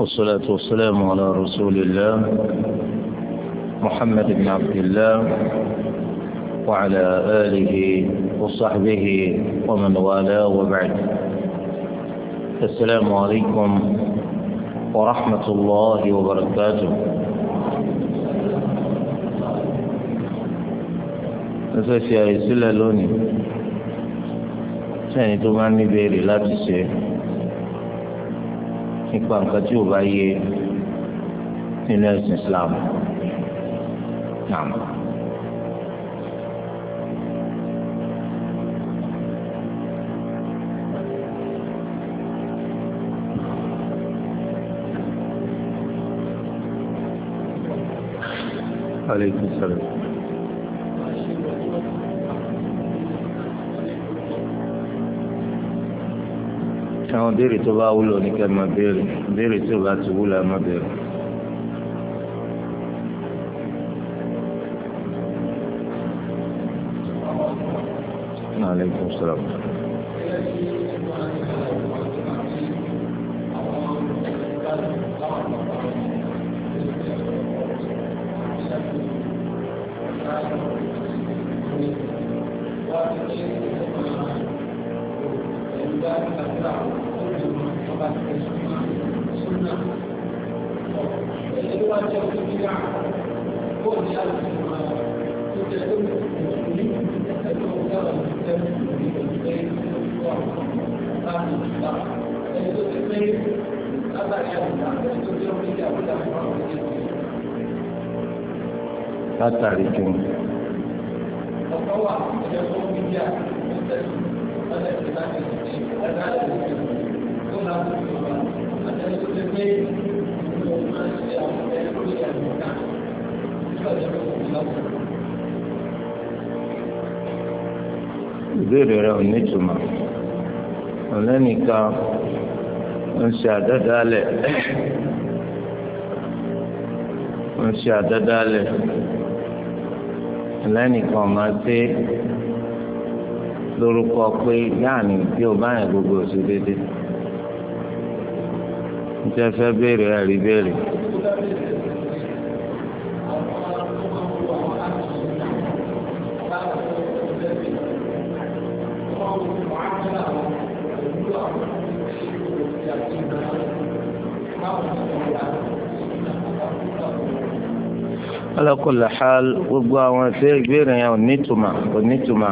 والصلاة والسلام على رسول الله محمد بن عبد الله وعلى آله وصحبه ومن والاه وبعد السلام عليكم ورحمة الله وبركاته نسأل يا سلالوني ثاني تمام بيري لا تسير nípa nǹkan tí ò bá yé nínú ẹ̀sìn islam náà. عليكم السلام àwọn béèrè tó bá wúlò ní kẹ́ máa béèrè béèrè tó bá ti wúlò ẹ má béèrè. عليكم السلام látàrí kí ni. ìbéèrè rẹ ò nítumọ̀ ọlẹ́nìkan ń ṣe àdádálẹ̀ ń ṣe àdádálẹ̀ ẹlẹ́nìkan máa ṣe lórúkọ pé yáàní bí o bá yẹn gbogbo oṣù dédé níta fẹ́ béèrè ẹ̀rí béèrè. Thank you. alákòlè hal gbogbo àwọn ẹsẹ̀ ìbéèrè yẹn ò ní tuma ò ní tuma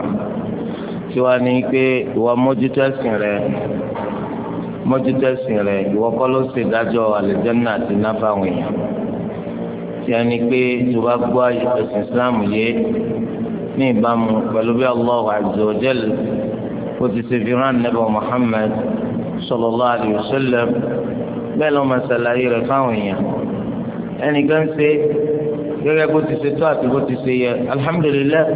tí wàá ní pé ìwà mójútó ẹ̀sìn rẹ mójútó ẹ̀sìn rẹ ìwọ kọ́ ló ṣe dájọ́ àlùjánnà àti náfàwọn èèyàn tí wàá pé tó bá gbọ́ ẹ̀sìn islam yé ní ìbámu pẹ̀lú bí allah azza wa ti ṣe fi rán nebà muhammad sallallahu alayhi bẹ́ẹ̀ ló máa ṣàlàyé rẹ fáwọn èèyàn ẹnìkan ṣe gẹ́gẹ́ bó ti ṣe tó àti bó ti ṣe yẹ alihamudulilayi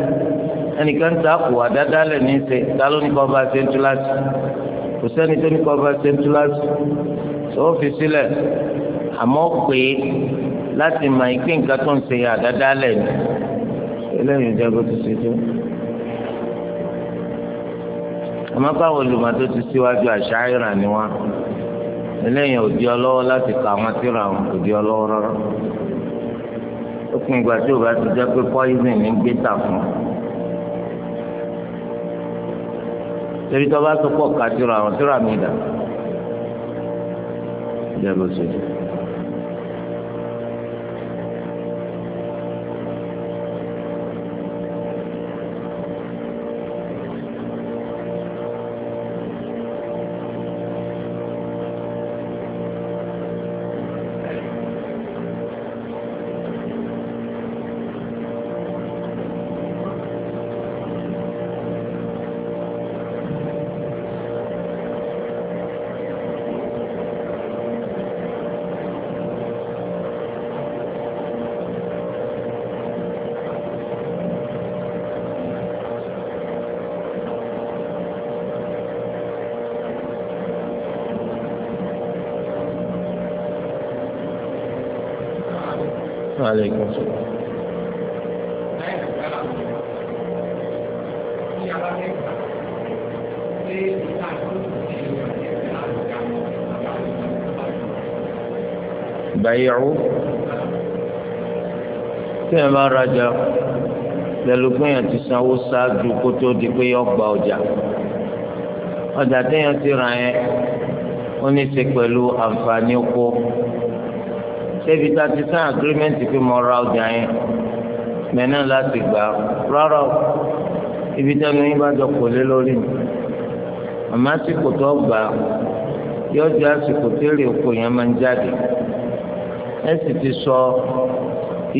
ẹnìkan ta kù àdáda lẹ̀ ní ṣe ta ló ní kọ́ bá ṣe ń tú láti kò sẹ́ni tó ní kọ́ bá ṣe ń tú láti tó fi sílẹ̀ àmọ́ pé láti mọ ìpín nǹkan tó ń ṣe àdáda lẹ̀ ní eléyìí jẹ́ bó ti ṣe tó àmọ́ báwo olùmọ̀ tó ti síwájú àṣà ìràn ni wọn eléyìí ò ọlọ́wọ́ láti kà wọn síra wọn ò ọlọ́wọ́ rárá ó pin ìgbà tí ò bá ti jẹ́ pé poison ní gbé tà fún torí tó bá tó pọ̀ ká tíra àwọn tíra mi dà. ìjẹ́ bó ṣe jẹ́. alaikum salaam. bàyẹ̀wò tí ẹ bá rajà pẹ̀lú pé yẹn ti sanwó ṣáájú kó tó di pé yọ gba ọjà ọjà téèyàn ti rà yẹn ó ní í ṣe pẹ̀lú àǹfààní oko débi tá a ti sàn agirímẹ́ǹtì pé mo ra ọjà yẹn mẹ́nà láti gbà rárá ibi tí ẹnu yín bá jọ kò lé lórí mi àmọ́ àsìkò tó gbà yóò jẹ́ àsìkò tó èrè oko yẹn máa ń jáde ẹ sì ti sọ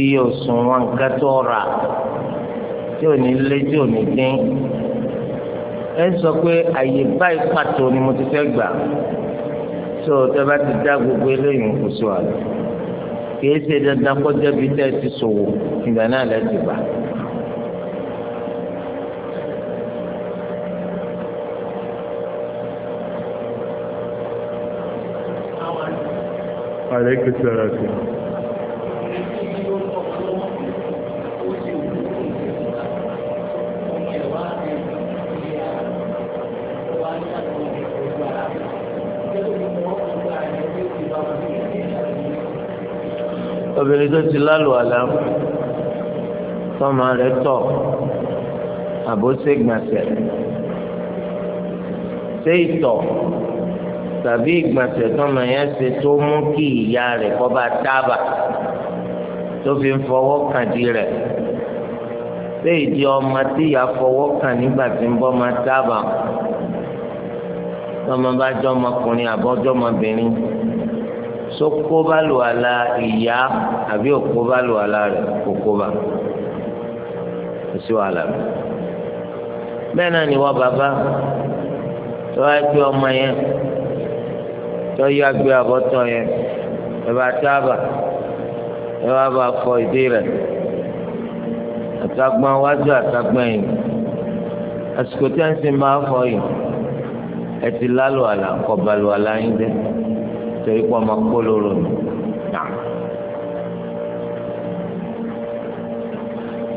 iye òṣùwọ̀n nǹkan tó rà tí ò ní lé tí ò ní dín ẹ sọ pé àyè báyìí pàtó ni mo ti fẹ́ gbà tó tẹ́ bá ti dá gbogbo eléyìí kò sí wàhálà kìí ṣe dandan kọjá bíi tẹ́ ti ṣòwò ìgbà náà lẹ́tì bá. Aleykum salaam. obìnrin tó ti lálùwàlá tọ́mọ rẹ̀ tọ̀ àbóṣègbàsẹ̀ ṣé ìtọ̀ tàbí ìgbàsẹ̀ tọ́mọ yẹn ṣe tó mú kí ìyá rẹ̀ kọ́ bá dábà tó fi ń fọwọ́ kàdí rẹ̀ ṣé ìdí ọmọ tí ìyá fọwọ́ kàn nígbà tí ń bọ́ máa dábà tọ́mọ bá jọ́ ọmọkùnrin àbọ́jọ́ ọmọbìnrin sókó bá lò àlà ìyá àbí òkó bá lò àlà rẹ̀ òkó bá kò sí wàhálà bẹ́ẹ̀ náà ni wọ́n bàbá tó wá gbé ọmọ yẹn tó yá gbé àbọ̀tọ̀ yẹn ẹ bá tábà ẹ wá bá fọ ìdí rẹ̀ àtàgbọ́n wájú àtàgbọ́n yìí àsìkò tí máa fọ yìí ẹ ti lálù àlà kọ̀ bàlù àlà yín dẹ́ torí pé ọmọ kpolóró ni nà.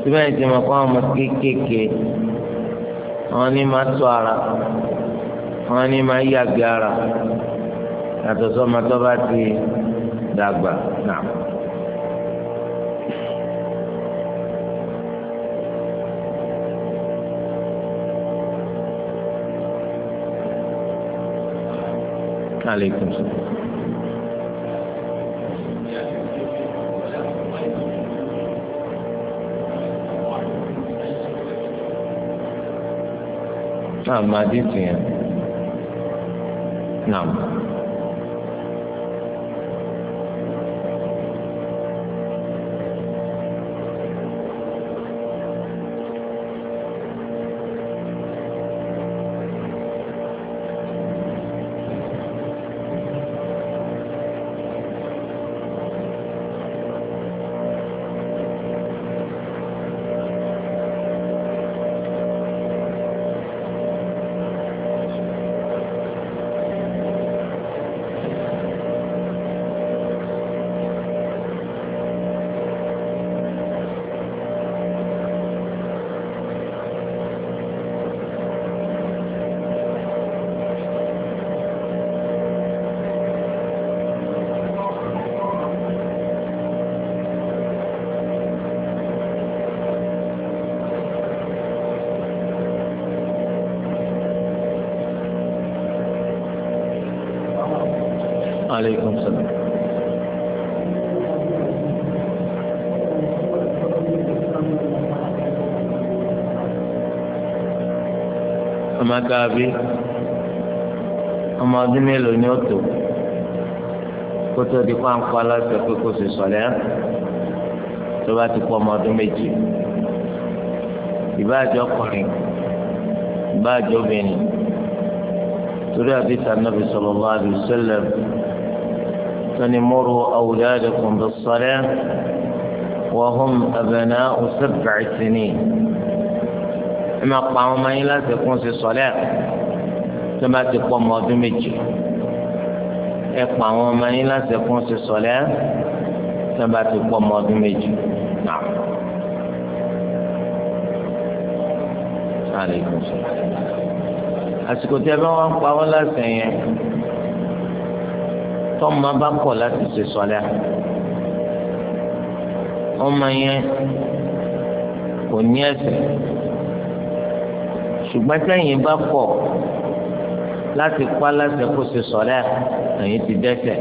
síbẹ̀ ní ti mọ̀ kó àwọn ọmọ kéékèèké wọn ní máa tọ́ ara wọn ní máa yàgbé ara yàtọ̀ sọ́mọ tó bá ti dàgbà nà. عليكم السلام náà máa dín tìyàn ọmọ dábí ọmọ ọdún mélòó ni ó tó kótó di pàǹpá aláṣẹ pé kò sì sọlẹ tó bá ti pọ̀ ọmọ ọdún méjì ìbáàjọ ọkùnrin ìbáàjọ obìnrin torí àdìsá nàbì sallallahu alaihi wasallam sani muru awladakum bis-salah wa hum abna'u sab'i sinin ẹ máa pa àwọn ọmọ yín láti kún sí sọlẹ tó bá ti pọ̀ ọmọ ọdún méjì ẹ pa àwọn ọmọ yín láti kún sí sọlẹ tó bá ti pọ̀ ọmọ ọdún méjì náà. Alaikum salaam. àsìkò tí ẹ bá wọn pa wọn láti yẹn tọ́mọ bá kọ̀ láti ṣe sọlẹ ọmọ yẹn kò ní ẹsẹ̀ ṣùgbọ́n sẹ́yìn bá kọ̀ láti pa láṣẹ kó ṣe sọ̀rẹ́ ẹ̀yìn ti dẹ́ṣẹ̀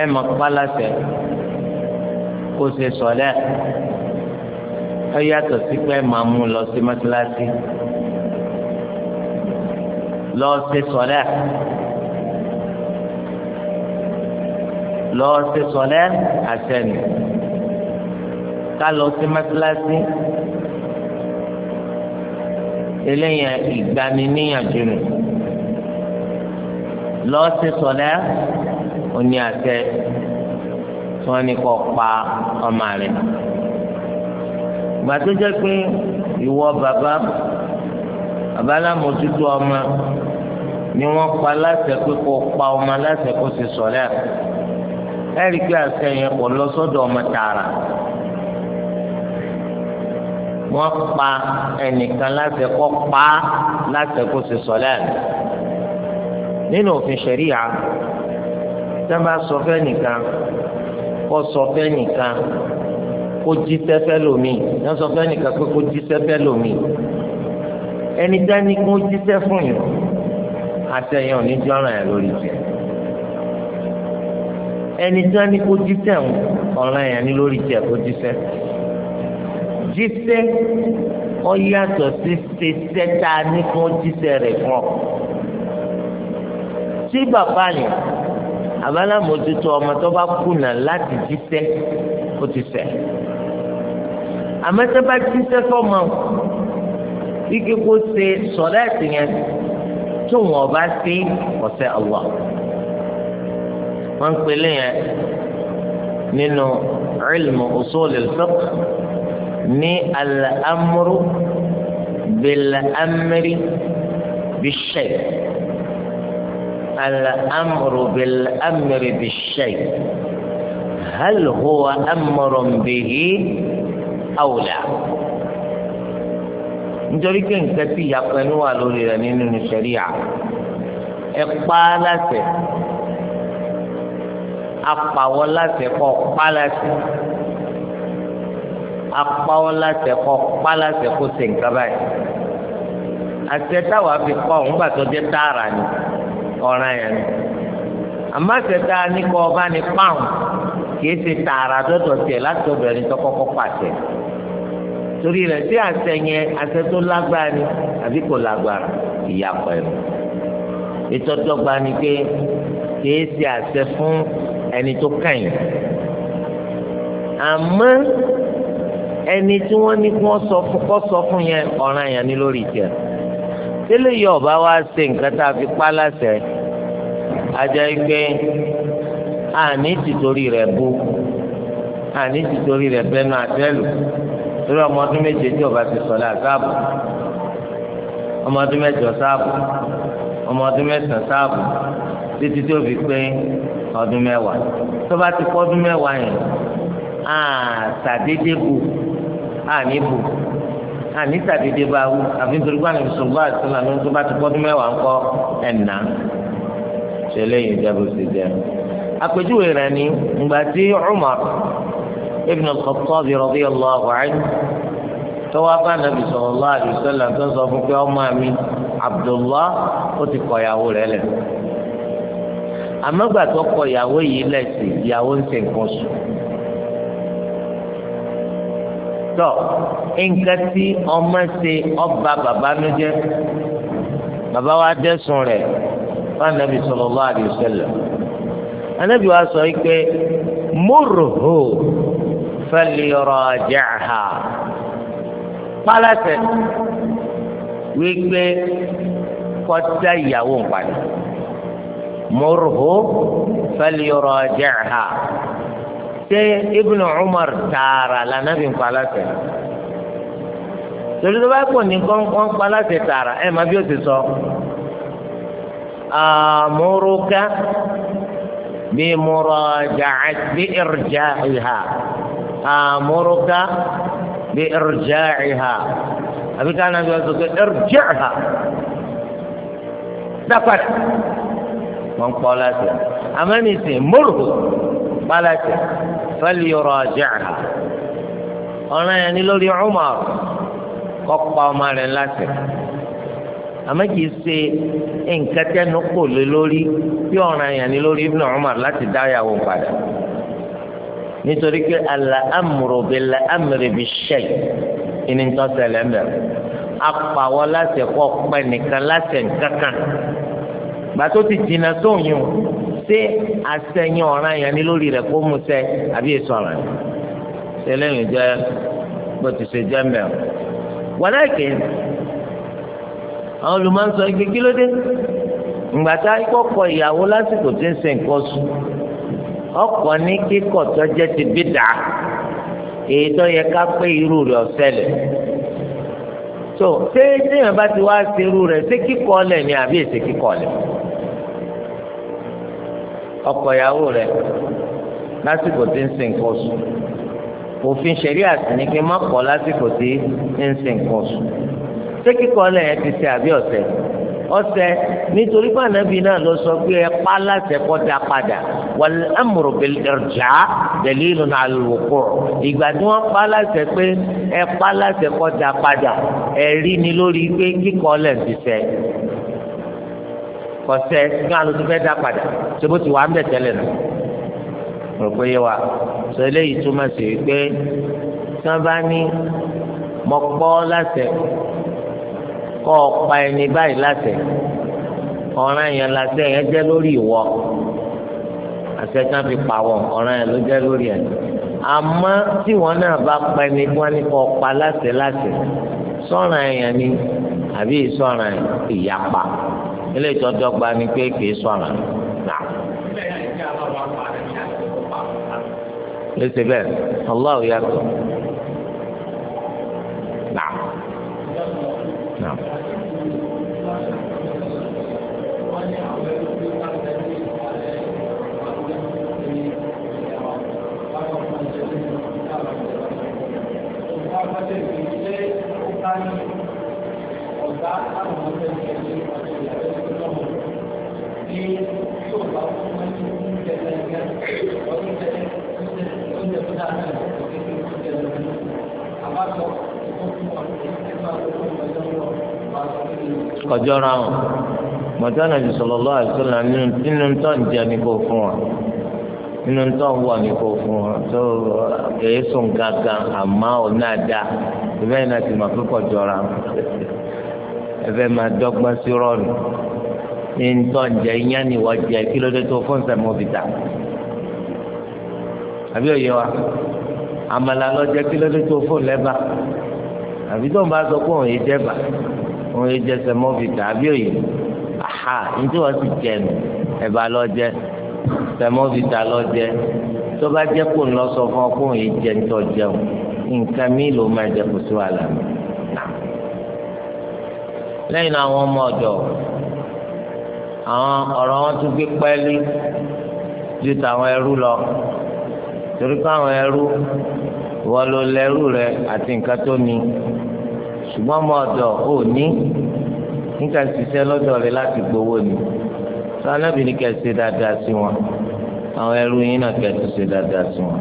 ẹ mọ̀ pa láṣẹ kó ṣe sọ̀rẹ́ ẹ yàtọ̀ sí pé màá mú lọ sí mọ́tíláṣí lọ ṣe sọ̀rẹ́ lọ ṣe sọ̀rẹ́ àṣẹ nì ká lọ sí mọ́tíláṣí eléyàn ìgbaniníyànjú nù lọ́ọ̀sì sọ̀lẹ́ òní àtẹ tí wọ́n ní kó pa ọmọ rẹ̀ ìgbà tó jẹ́ pé ìwọ bàbá abálámòtútù ọmọ ni wọ́n pa láṣẹ pé kó pa ọmọ láṣẹ kó sì sọ̀lẹ́ ẹ̀rí pé àṣẹ yẹn kò lọ sọ́dọ̀ ọmọ tààrà wọ́n pa ẹnìkan láti kọ́ pa á láti kó ṣe sọ̀lẹ́ nínú òfin ṣẹ̀ríyà tẹ́ bá sọ fẹ́ nìkan kó sọ fẹ́ nìkan kó jí sẹ́fẹ́ lomi yẹn sọ fẹ́ nìkan pé kó jí sẹ́fẹ́ lomi ẹni dání kó jí sẹ́ fún yìí àtẹ̀yìn òní ẹ̀ lórí jẹ́ ẹni dání kó jí sẹ́ ọ̀ràn ẹ̀ ní lórí jẹ́ kó jí sẹ́ fún yìí jíṣẹ́ ó yàtọ̀ sí ṣiṣẹ́ tá a ní fún jíṣẹ́ rẹ̀ fún ọ. tí bàbá yẹn àbálàmójútó ọmọ tó bá kùnà láti jíṣẹ́ ó ti ṣẹ̀. àmọ́ tó bá jíṣẹ́ fọmọ ike kó ṣe sọ̀rọ̀ ẹ̀sìn yẹn tó wọn bá sí ọ̀sẹ̀ ọ̀wọ́. wọ́n ń pè é lẹ́yìn nínú ilmu usul al-fiqh. ní al-amru bil-amri bish-shay' al-amru bil-amri bish-shay' hal huwa amrun bihi aw la nítorí pé nǹkan tí ìyàpọ̀ ẹnu wà lórí rẹ̀ nínú ṣẹ̀ríà ẹ pa á láṣẹ apàwọ̀ láṣẹ kọ́ pa á láṣẹ. apáwọ́ láti ẹ̀kọ́ pa láti ẹ̀kọ́ ṣe nǹkan báyìí àṣẹ táwa fi kọ́ ọ̀hún gbàtọ́ jẹ́ tààrà ni ọ̀ràn yẹn ni àmọ́ àṣẹ tá a ní kọ́ ọba ní pàùn kìí ṣe tààrà dọ́dọ̀ tiẹ̀ láti ọ̀dọ̀ ẹni tó kọ́kọ́ pàṣẹ torí rẹ̀ sí àṣẹ yẹn àṣẹ tó lágbára ni àbí kò lágbára ìyàpọ̀ ẹ̀ ìtọ́dọ́gba ni pé kìí ṣe àṣẹ fún ẹni tó kàn yín àmọ́ ẹni tí wọ́n ní kí wọ́n sọ fún kọ́ sọ fún yẹn ọ̀ràn yẹn ní lórí tiẹ̀ tẹ́lẹ̀ yìí ọba wa ṣe nǹkan tá a fi pa láṣẹ ajá pé àní tìtorí rẹ̀ bú àní tìtorí rẹ̀ bẹ́nu àtẹ́lù lórí ọmọ ọdún méje tí ọba ti sọ̀lá sáàbù ọmọ ọdún mẹ́jọ sáàbù ọmọ ọdún mẹ́sàn sáàbù títí tó fi pé ọdún mẹ́wàá tó bá ti pọ́ ọdún mẹ́wàá yẹn àtàdédé bù àní bù àní sàdédé bá wú àfi nítorí pé àníbi sọ̀rọ̀ bá àti nàánú tó bá ti pọ́dún mẹ́wàá ń kọ́ ẹ̀nà ṣe lẹ́yìn ìjábọ̀ sí jẹ́. àpèjúwe rẹ̀ ni ìgbà tí Umar ibn al-Khattab radiyallahu anhu tó wá bá nàbì sallallahu alaihi wasallam tó sọ fún pé ọmọ mi Abdullah ó ti kọ ìyàwó rẹ̀ lẹ̀ àmọ́gbà kọ ìyàwó yìí lẹ̀ ìyàwó ń ṣe nǹkan sùn tọ nǹkan tí ọmọ ṣe ọba bàbá ló jẹ bàbá wa dẹ́sùn rẹ̀ fún anabi sallallahu alaihi wasallam anabi wa sọ pé murhu falyuraji'ha kpalẹsẹ wípé kọjá ìyàwó nǹkan murhu falyuraji'ha ṣé Ibn Umar tààrà lànàbì ń pa aláṣẹ torí tó bá pọ̀ ní wọ́n pa aláṣẹ tààrà ẹ̀ má bí ó ti sọ àmúrúkà bí muraja'ati bí irja'iha àmúrúkà bí irja'iha àbí ká nàbí wọ́n sọ pé irja'iha dápàdà wọ́n pa aláṣẹ àmọ́ ní falyuraji'ha ọ̀ràn yẹn ni lórí Umar kó pa ọmọ rẹ̀ láṣẹ àmọ́ kìí ṣe nǹkan tẹnu kò lé lórí bí ọ̀ràn yẹn ni lórí Ibn Umar láti dá ìyàwó padà nítorí pé al-amru bil-amri bish-shay' ìní tó ṣẹlẹ̀ ń bẹ̀rẹ̀ apàwọ̀ láṣẹ kọ́ pẹ́ nìkan láṣẹ nǹkan kan gbàtó ti jìnnà sóyún. ṣé àṣẹyìn ọ̀ràn yẹn ni lórí rẹ̀ kó mu sẹ́ àbí èso ọ̀ràn yẹn ṣe lẹ́yìn jẹ́ bó ti ṣe jẹ́ mẹ́ọ̀. wọ́lẹ́kì àwọn olùmọ̀ọ́sọ igi kí ló dé ìgbàtà ìkọkọ ìyàwó lásìkò tí ń ṣe nǹkan sùn ọkọ ní kíkọ tó jẹ́ ti bí dàá èyí tó yẹ ká pé irú rẹ̀ ọ̀sẹ̀lẹ̀ tó ṣé téèyàn bá ti wá irú ṣé kíkọ́ lẹ̀ ni àbí èsè kíkọ́ lẹ̀. ọkọ ìyàwó rẹ lásìkò tí ń sin nǹkan oṣù òfin ṣẹ̀ríà sì ní kí n má kọ̀ lásìkò tí ń sin nǹkan oṣù ṣé kíkọ́ lẹ́yìn ti ṣe àbí ọ̀sẹ̀ ọ̀sẹ̀ nítorí pé ànábì náà ló sọ pé ẹ pa láṣẹ kọ́ da padà wal amru bil irja dalilun ala al-wuqu' ìgbà tí wọ́n pa láṣẹ pé ẹ pa láṣẹ kọ́ da padà ẹ̀rí ni lórí pé kíkọ́ lẹ́yìn ti ṣe kọsẹ gán ló ti fẹ́ dá padà ṣé bó ti wà ń bẹ̀ tẹ́lẹ̀ nù rò pé yé wa sọ eléyìí túmọ̀ sí pé tí wọ́n bá ní mọ pọ́ láṣẹ kọ́ ọ pa ẹni báyìí láṣẹ ọ̀ràn yẹn láṣẹ yẹn jẹ́ lórí ìwọ àṣẹ kan fi pàwọ̀ ọ̀ràn yẹn ló jẹ́ lórí ẹ̀ àmọ́ tí wọ́n náà bá pa ẹni tí wọ́n ní kọ́ ọ pa láṣẹ láṣẹ sọ̀ràn yẹn ni àbí ìsọ̀ràn ìyapa ilé ìtọ́jú ọgbà ni pé kì í sọ àmà nà. lè ṣe bẹ́ẹ̀ Allah yàtọ̀. kọjọ́ra wọn mọ̀tánà ju sallallahu alaihi wasallam nínú tó ń jẹ ní kò fún wọn nínú Ntọ ń wọ̀ kò fún wọn tó èyí sùn gángan yìí náà ti máa sí ní ni wọ́n jẹ kí ló dé tó fún àbí òye wa lọ jẹ kí ló dé tó fún lẹ́bà àbí tó ń bá sọ pé òun yìí wọn yé jẹsẹ mọfìtà àbí òye aha ntí wọn sì jẹ nù ẹ̀bà lọ jẹ sẹmọfìtà lọ jẹ tó bá jẹ kó ń lọ sọ fún ọ kó ń yé jẹ ńtọ jẹun nǹkan mi ló máa jẹ kó sí wàhálà mi lẹ́yìn náà àwọn ọmọ ọ̀dọ̀ àwọn ọ̀rọ̀ wọn tún gbé pẹ́ẹ́lí ju tàwọn ẹrú lọ torí pé àwọn ẹrú wọ́n ló lẹ́rú rẹ àti nǹkan tó ní ṣùgbọ́n ọmọ ọ̀dọ̀ ò ní nígbà ṣiṣẹ́ lọ́dọ̀ rẹ̀ láti gbowó ni sọ anábìrin kẹ́ ṣe dáadáa sí wọn àwọn ẹrú yín náà kẹ́ ṣe dáadáa sí wọn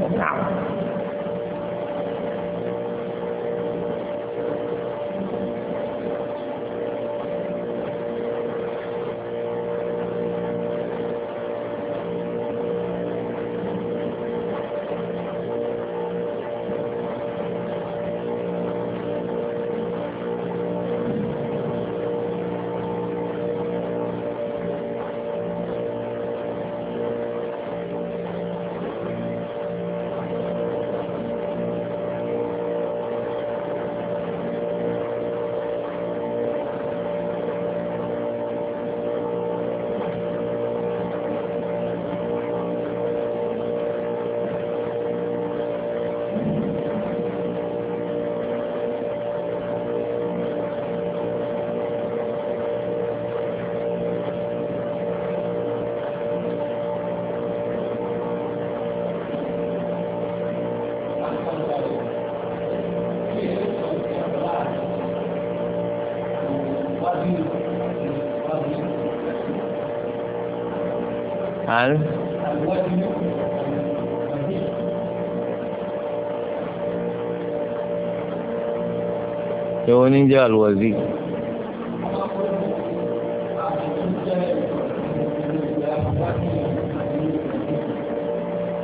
oníjẹ́ àlùwàzí.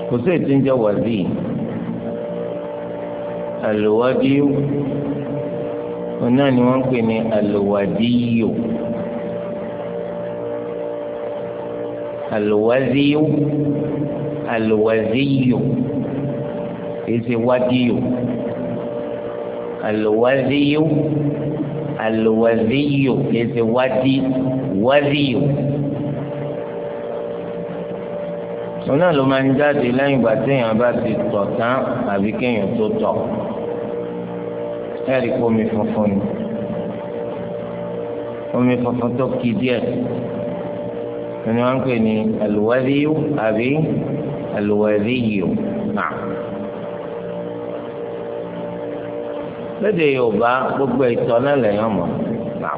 kò sí ètò ìjẹ́ wàzí àlùwádìí òun náà ni wọ́n ń pè ní àlùwádìí àlùwádìí àlùwádìí èsì wádìí alùwádìyó alùwádìyó kìí ṣe wádìí wádìyó. òun náà ló máa ń jáde lẹ́yìn ìgbà téèyàn bá ti tọ̀ tán àbí kéèyàn tó tọ̀ ẹ̀rí kó omi funfun ni omi funfun tó ki díẹ̀ ẹni wọ́n ń pè ní àlùwádìí àbí àlùwádìí lédè Yorùbá gbogbo ìtọ́ náà lẹ́yìn ọmọ náà.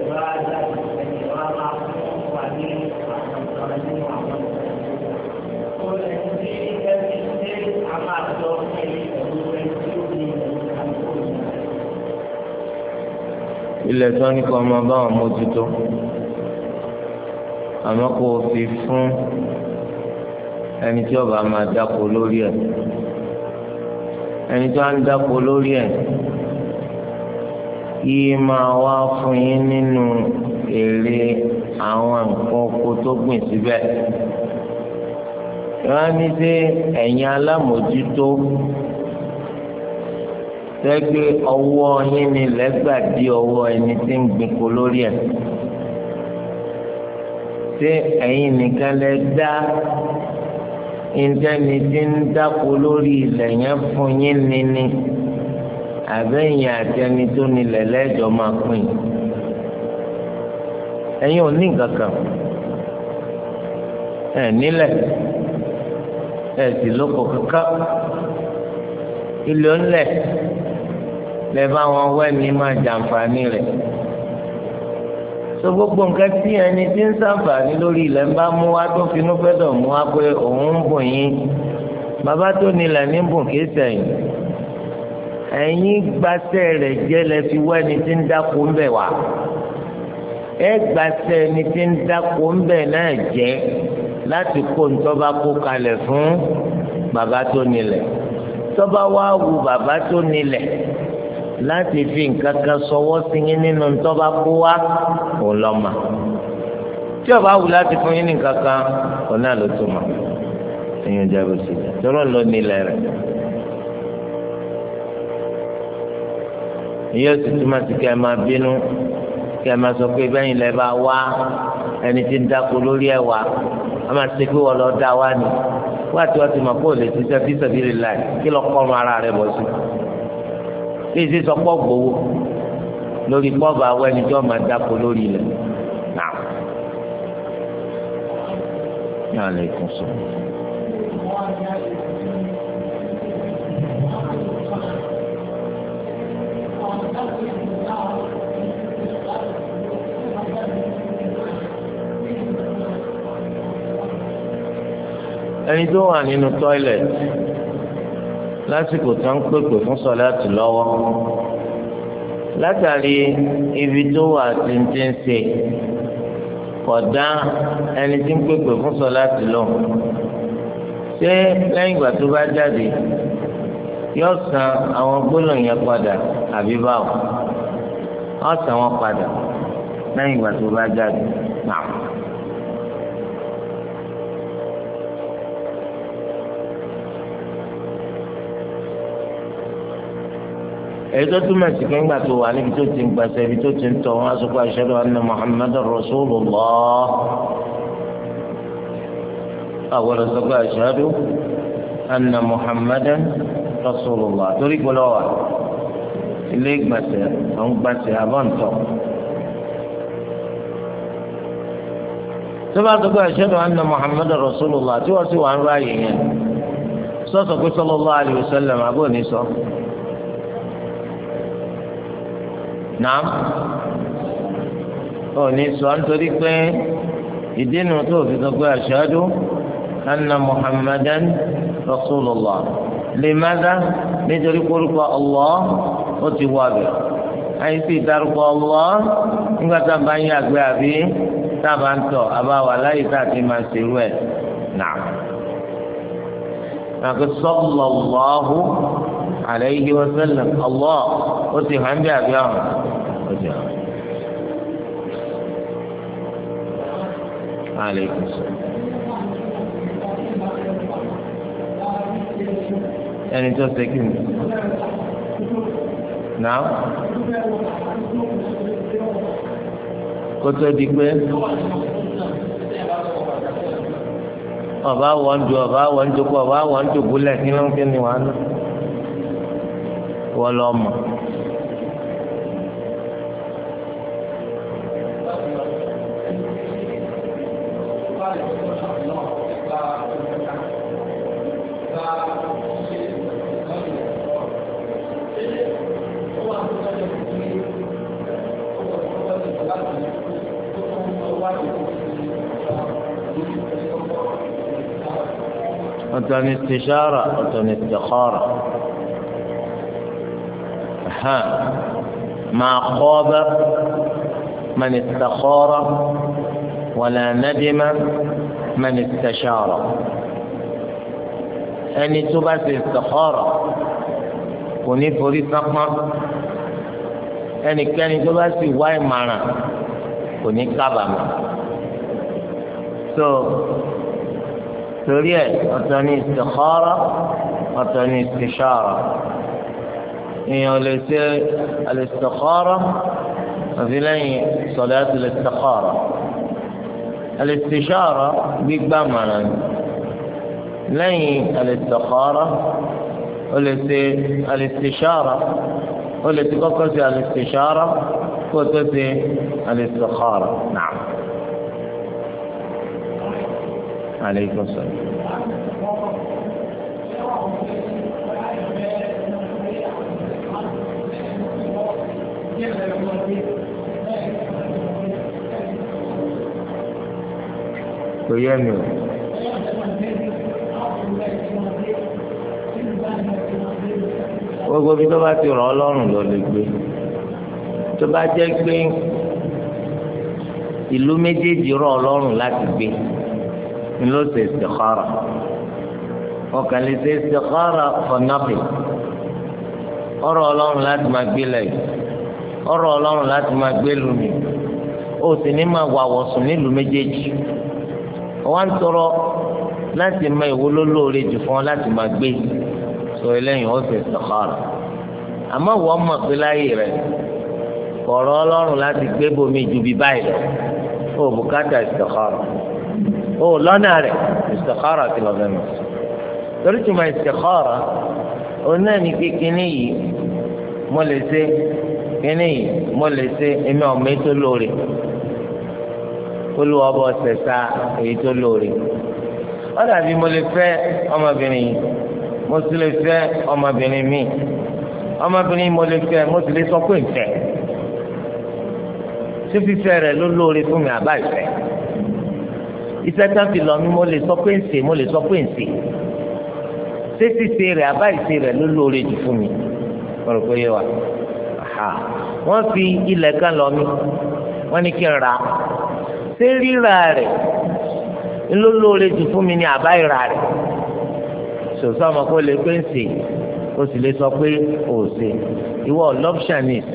ilẹ̀ tí wọ́n ní kó ọmọ bá wọn mójútó àmọ́ kó o fi fún ẹni tí ọba máa dáko lórí ẹ̀ ẹni tí wọ́n á dáko lórí ẹ̀ yìí máa wá fún yín nínú èrè àwọn nǹkan oko tó gbìn síbẹ̀ wọ́n sí ẹ̀yin alámòjútó. tẹ́gbẹ́ ọwọ́ yín ni lẹ́gbà di ọwọ́ ẹni tí ń gbìnkó lórí ẹ̀. ṣé ẹ̀yin nìkan lẹ dá ìjẹni tí ń dáko lórí ilẹ̀ yẹn fún yín níní àbẹ́yìn àtẹni tó nílẹ̀ lẹ́jọ́ máa pín ẹ̀yin lè bá wọn wẹ́ni máa jàǹfààní rẹ̀ so gbogbo nǹkan tí ẹni tí ń ṣàǹfààní lórí ilẹ̀ ń bá mú wá tó finú fẹ́dọ̀ mú wá pé òun ń bùn yín bàbá tó nílẹ̀ ní bùn kìí sẹ̀yìn ẹ̀yin gbàṣẹ rẹ̀ jẹ́ lẹ fi wá ẹni tí ń dáko ń bẹ̀ wá ẹ gbàṣẹ ẹni tí ń dáko ń bẹ̀ náà jẹ́ láti kó ntọ́ba kó kalẹ̀ fún bàbá tó nílẹ̀ tọ́ba wá wu bàbá tó nílẹ̀ láti fi nǹkan kan sọwọ́ sí yín nínú tọ́ba kó wá òun lọ mà tí ọba wù láti fún yín nǹkan kan òun náà ló tó mà ẹ̀yin ọjà bó ṣe tọ́lọ́ ló nílẹ̀ rẹ̀. ìyẹn sì túmọ̀ sí kí ẹ máa bínú kí ẹ máa sọ pé bẹ́yìn lẹ́ bá wá ẹni tí ń dáko lórí ẹ̀ wá a máa ṣe pé wọ́n lọ dá wá ni wọ́n àti wọ́n ti mọ̀ pé ò lè ṣiṣẹ́ fi sabilillah kí lọ́ọ́ kọ́ ọmọ ara rẹ̀ bọ̀ sí bí èsì sọ pọ̀ gbowó lórí pọ́ọ̀bù àwọn ẹni tí wọ́n máa dáko lórí ilẹ̀ náà. Yàrá lè kún sọ. ẹni tó wà nínú tọ́ìlẹ̀tì lásìkò tó ń pèpè fún sọláàtì lọ́wọ́ látàrí ibi tó wà tìǹtìǹ ṣe kódà ẹni tí ń pèpè fún sọláàtì lọ ṣé lẹ́yìn ìgbà tó bá jáde yóò san àwọn gbólóhùn yẹn padà àbí báwo wọ́n san wọn padà lẹ́yìn ìgbà tó bá jáde náà. èyí tó túmọ̀ sí pé ńgbà tó wà níbi tó ti ń gbàṣẹ ibi tó ti ń tọ̀ wọn aṣọ pé ashhadu anna muhammadan rasulullah àwọn ọ̀sọ́gbà ashhadu anna muhammadan rasulullah torí gbọ́dọ̀ wà ilé gbàṣẹ àwọn gbàṣẹ àbọ̀ǹtọ̀. tó bá sọ pé ashhadu anna muhammadan rasulullah wọ́n sì wà ń ráàyè yẹn sọ́sọ́ pé sallallahu alaihi nàám ò ní sọ nítorí pé ìdí nu tó fi sọ pé ashadu anna muhammadan rasulullah limadha nítorí kórìkọ Allah ó ti wà bẹ̀ àyíṣe ìdárúkọ Allah nígbà tá a bá ń yàgbé àbí tá a bá ń tọ̀ àbá wà láyé tá a ti máa ṣerú ẹ̀ nàám. Nàkó sallallahu alayhi wa sallam Allah ó ti hàn bí àbí ọ̀hún. Alaikum salaam. ẹni tó ṣe kí ni náà kó tó di pé ọba wọ́n ju ọba wọ́n jókòó ọba wọ́n jókòó lẹ́kìn ló ń kí ni وتن استشارة وتن استخارة ها ما خاب من استخار ولا ندم من التشارة أني تبع استخارة كوني فوري تقمع أني كاني تبع في واي معنى كوني كابا so سوريا وثاني استخارة وثاني استشارة هي إيه، وليس الاستخارة وفي لين صلاة الاستخارة الاستشارة بيبامنا لين الاستخارة وليس الاستشارة وليس قصة الاستشارة وتسي الاستخارة نعم aleykum salaam. kò yẹ mi o. gbogbo bí tó bá ti rọ̀ ọ́ lọ́rùn lọ lè gbé tó bá jẹ́ pé ìlú méjèèjì rọ̀ ọ́ láti gbé ńlọ ṣe istikhara ọkàn lè ṣe istikhara for nothing ọ̀rọ̀ Ọlọ́run láti máa gbé lẹ́yìn ọ̀rọ̀ Ọlọ́run láti máa gbé lùmí o sì ní máa wà wọ̀sùn nílùú méjèèjì wọn tọrọ láti máa ìwúlò lóore jù fún ọ láti máa gbé sọ eléyìí ó ṣe istikhara àmọ́ wọ́n mọ̀ pé láyé rẹ̀ ọ̀rọ̀ Ọlọ́run láti gbé bomi ju bí báyìí lọ ó bùkátà istikhara o lọ́nà rẹ̀ istikhara ti lọ́dọ̀ mi torí tí mo istikhara o náà ní pé kíní yìí mo lè ṣe kíní yìí mo lè ṣe èmi ọ̀ mi tó lóore olúwa ọba ọ̀sẹ̀ sa èyí tó lóore ó dàbí mo lè fẹ́ ọmọbìnrin yìí mo sì lè fẹ́ ọmọbìnrin mi ọmọbìnrin mo lè fẹ́ mo sì lè sọ pé ń fẹ́ sífífẹ́ rẹ̀ ló lóore fún mi àbá ìfẹ́ iṣẹ́ tán fi lọ mí mo lè sọ pé ń ṣe mo lè sọ pé ń ṣe ṣé ṣíṣe rẹ̀ àbá ìṣe rẹ̀ ló lóore jù fún mi wọ́n rò pé yé wa wọ́n fi ilẹ̀ kan lọ mí wọ́n ní kí n ra ṣé rírà rẹ̀ ló lóore jù fún mi ní àbá ìra rẹ̀ sòsọ́ ọmọ kó lè pé ń ṣe o sì lè sọ pé ò ṣe ìwọ lọ́pṣánìs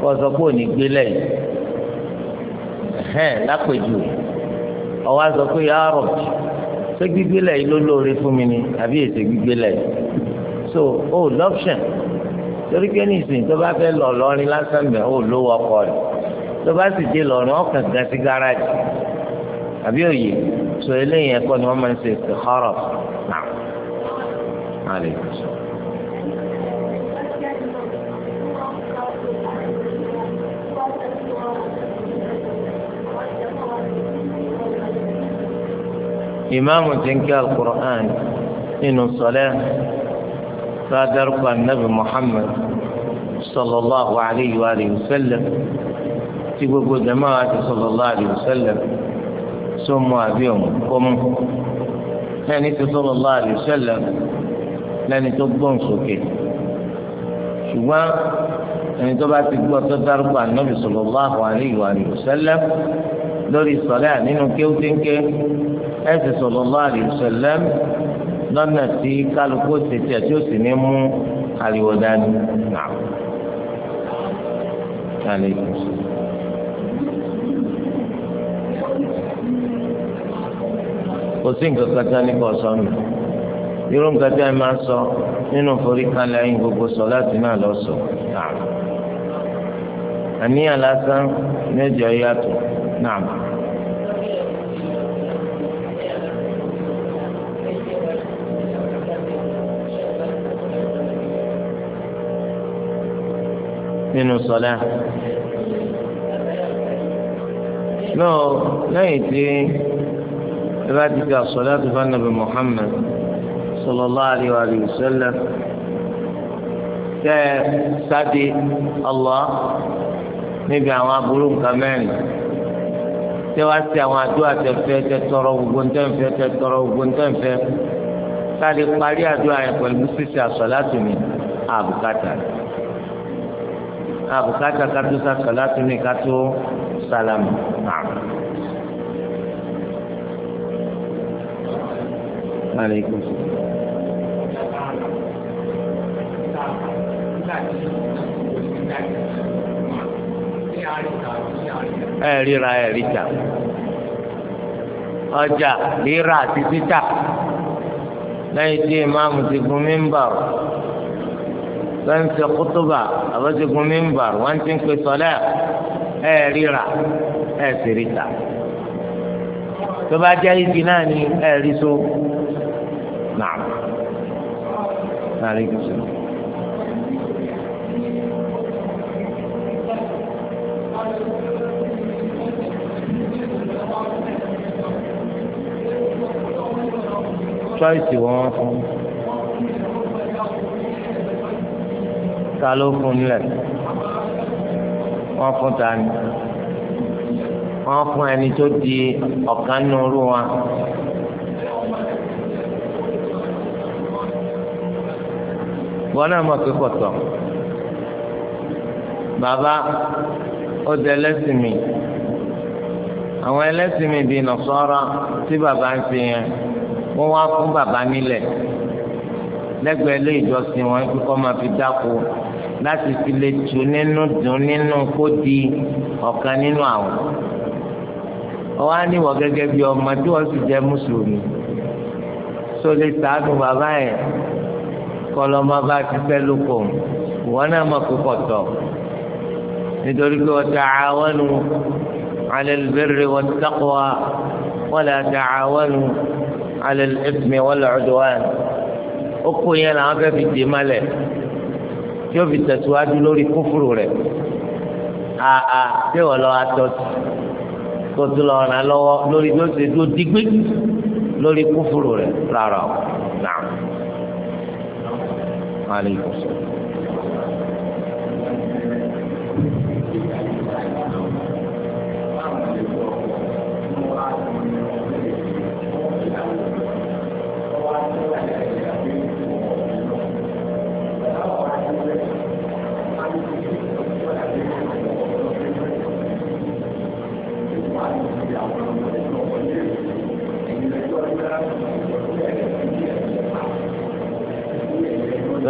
kó o sọ pé ò ní gbélé yìí lápèjù ọwọ́ á sọ pé yà á rọ̀ ṣé gbígbé lẹ́yìn ló lóore fún mi ni àbí èsè gbígbé lẹ́yìn so o oh, lọ́pṣẹ̀n torí pé nísìnyí tó bá fẹ́ lọ lọ́rin lásán mẹ́ o lówó ọkọ rẹ̀ tó bá sì dé lọ́rin ọkàn gan sí gáràjì àbí òye so eléyìí ẹ̀kọ́ ni wọ́n máa ń ṣe ìṣèkọ́rọ̀ náà. ìmáàmù ti ń kí alukur'an nínú sọlẹ́ sádàrúkọ anabi muhammed sallallahu alayhi wa sallam tí gbogbo jama'a ti sallallahu alayhi wa sallam sọmọ àbí òun kọ́ mu lẹ́ni tó sallallahu alayhi wa sallam lẹ́ni tó gbọ́n sókè ṣùgbọ́n ẹni tó bá ti gbọ́ tó dárúkọ anabi sallallahu alayhi wa sallam lórí sọlẹ́ nínú kéwtéńké. ẹsẹ sallallahu alaihi wasallam lọ́nà tí kálukú ṣe tiẹ̀ tí ó sì ní mú ariwo dání náà. kò sí nǹkan kan tí a ní kò sọ nù irú nǹkan tí a máa sọ nínú forí kan gbogbo sọ láti náà lọ sọ náà àníyàn lásán ní yàtọ̀ náà. nínú sọlá náà lẹ́yìn tí bá ti ka sọlá tó bá nàbẹ Muhammad sallallahu alayhi wa sallam tẹ sáde Allah níbi àwọn aburú nǹkan mẹ́rin tẹ wá sí àwọn àdúrà tẹfẹ tẹ tọrọ gbogbo ntẹfẹ tẹ tọrọ gbogbo ntẹfẹ sáde parí àdúrà yẹn sísè àsọlá tó ní àbùkátà rẹ àbùkátà kátó sàkàlà tó ní kátó sàlámù náà. Alaikum salaam. ẹ ríra ẹ ríta ọjà rírà àti títà lẹ́yìn tí ìmáàmù ti gun mímbà ọ wọ́n ń ṣe kútúbà àbọ̀ṣẹ́gun mímbà wọ́n ti ń pe sọlẹ̀ ẹ̀ ríra ẹ̀ sì ríta tó bá jẹ́ igi náà ni ẹ̀ rí so nàá nàá rí so. choice wọn fún un. ta ló fún lẹ̀ wọ́n fún ta ni wọ́n fún ẹni tó di ọ̀kan nuru wa. wọn náà mọ̀ pé kọ̀tọ̀ bàbá ó di ẹlẹ́sìn mi àwọn ẹlẹ́sìn mi di nọ̀sọ́rọ́ tí bàbá ń ṣe yẹn wọ́n wá fún bàbá nílẹ̀ lẹ́gbẹ̀ẹ́ ilé ìjọsìn wọn kíkọ́ máa fi dáko láti fi lè tu nínú dùn nínú kó di ọ̀kan nínú àwọn ọwọ́ á níwọ̀ gẹ́gẹ́ bí ọmọ tí wọ́n sì jẹ́ mùsùlùmí tó lè sàánù bàbá yẹn kọlọ́mọ bá ti fẹ́ lóko wọn náà mọ̀ pé kọ̀tọ̀ nítorí pé wọ́n ta'awanu 'ala al-birri wat-taqwa wala ta'awanu 'ala al-ithmi wal-'udwan ó kó yẹn làwọn fẹ́ fi dè malẹ̀ yóò fi tẹ̀síwájú lórí kúfùrù rẹ̀ àà tí wọ́n lọ atọ́ tó tún lọ ràn lọ́wọ́ lórí bí ó ṣe dúró dígbé lórí kúfùrù rẹ̀ rárá o náà.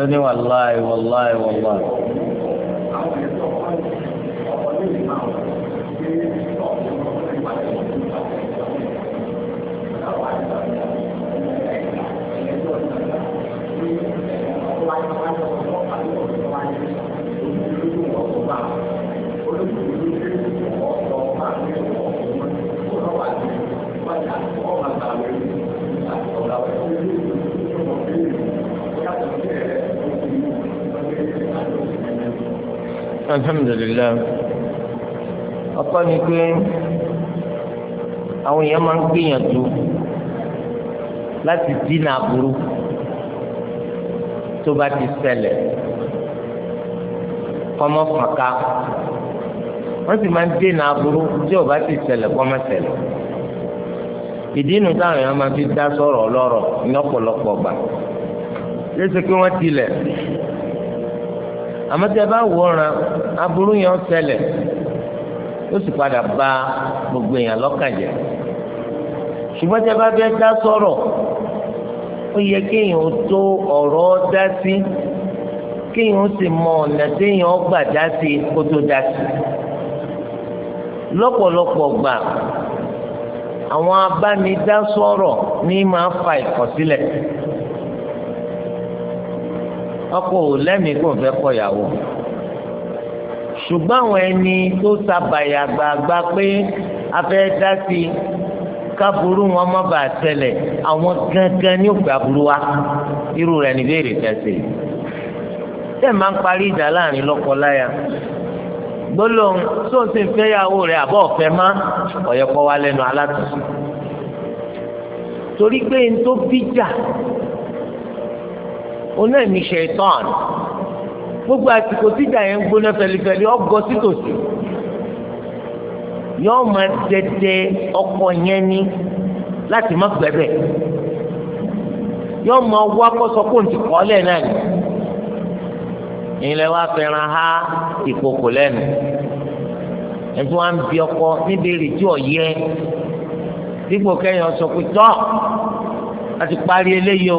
ní wàláì wàláì wàláì. alhamdulilayi ọ̀pọ̀ ni pé àwọn èèyàn máa ń gbìyànjú láti dínà aburú tó bá ti ṣẹlẹ̀ kọ́mọ fàkà wọ́n sì máa ń dínà aburú tí ò bá ti ṣẹlẹ̀ kọ́mọ ṣẹlẹ̀ ìdínú táwọn èèyàn máa fi dá sọ̀rọ̀ lọ́rọ̀ ní ọ̀pọ̀lọpọ̀ gbà lẹ́sẹ̀ pé wọ́n tilẹ̀ àmọ́ tẹ́ bá wòran aburú yẹn ó ṣẹlẹ̀ ó sì padà bà gbogbo èèyàn lọ́kàn jẹ́ ṣùgbọ́n tẹ́ bá fẹ́ dá sọ̀rọ̀ ó yẹ kéèyàn ó tó ọ̀rọ̀ dá sí kéèyàn ó sì mọ ọ̀nà téèyàn ó gbà dá sí kó tó dá sí lọ́pọ̀lọpọ̀ gbà àwọn abánidásọ̀rọ̀ ní máa fa ìkọ̀sílẹ̀ ọkọ ò lẹ́mìí kò fẹ́ kọ ìyàwó ṣùgbọ́n àwọn ẹni tó sábàyà gbàgbà pé a fẹ́ dá sí i káburú wọn má bàa tẹlẹ̀ àwọn gángan ní òkè aburú wa irú rẹ̀ níbi èrè tẹ̀sí. tẹ́ ẹ̀ máa ń parí ìjà láàrin lọ́kọ-láya gbólóhùn tó ń fẹ́yàwó rẹ̀ àbọ̀ ọ̀fẹ́ má ọ̀yẹ̀kọ́ wa lẹ́nu alátùsù. torí pé n tó bíjà oná ẹ̀mí ṣẹ̀tàn gbogbo àsìkò tíjà yẹn ń gbóná fẹlifẹli ọgọ sítòsí yọọ máa dẹdẹ ọkọ yẹn ní láti má gbẹbẹ yọọ máa wá kọsọ kó n ti náà ni ìyìnlẹ̀ wa fẹ́ràn ha ìkòkò lẹ́nu ẹ̀tún wa ń bi ọkọ níbi ìrètí ọ̀yẹ́ dípò kẹ́yìn ọ̀sọ̀ pé tọ́ àti parí eléyìí o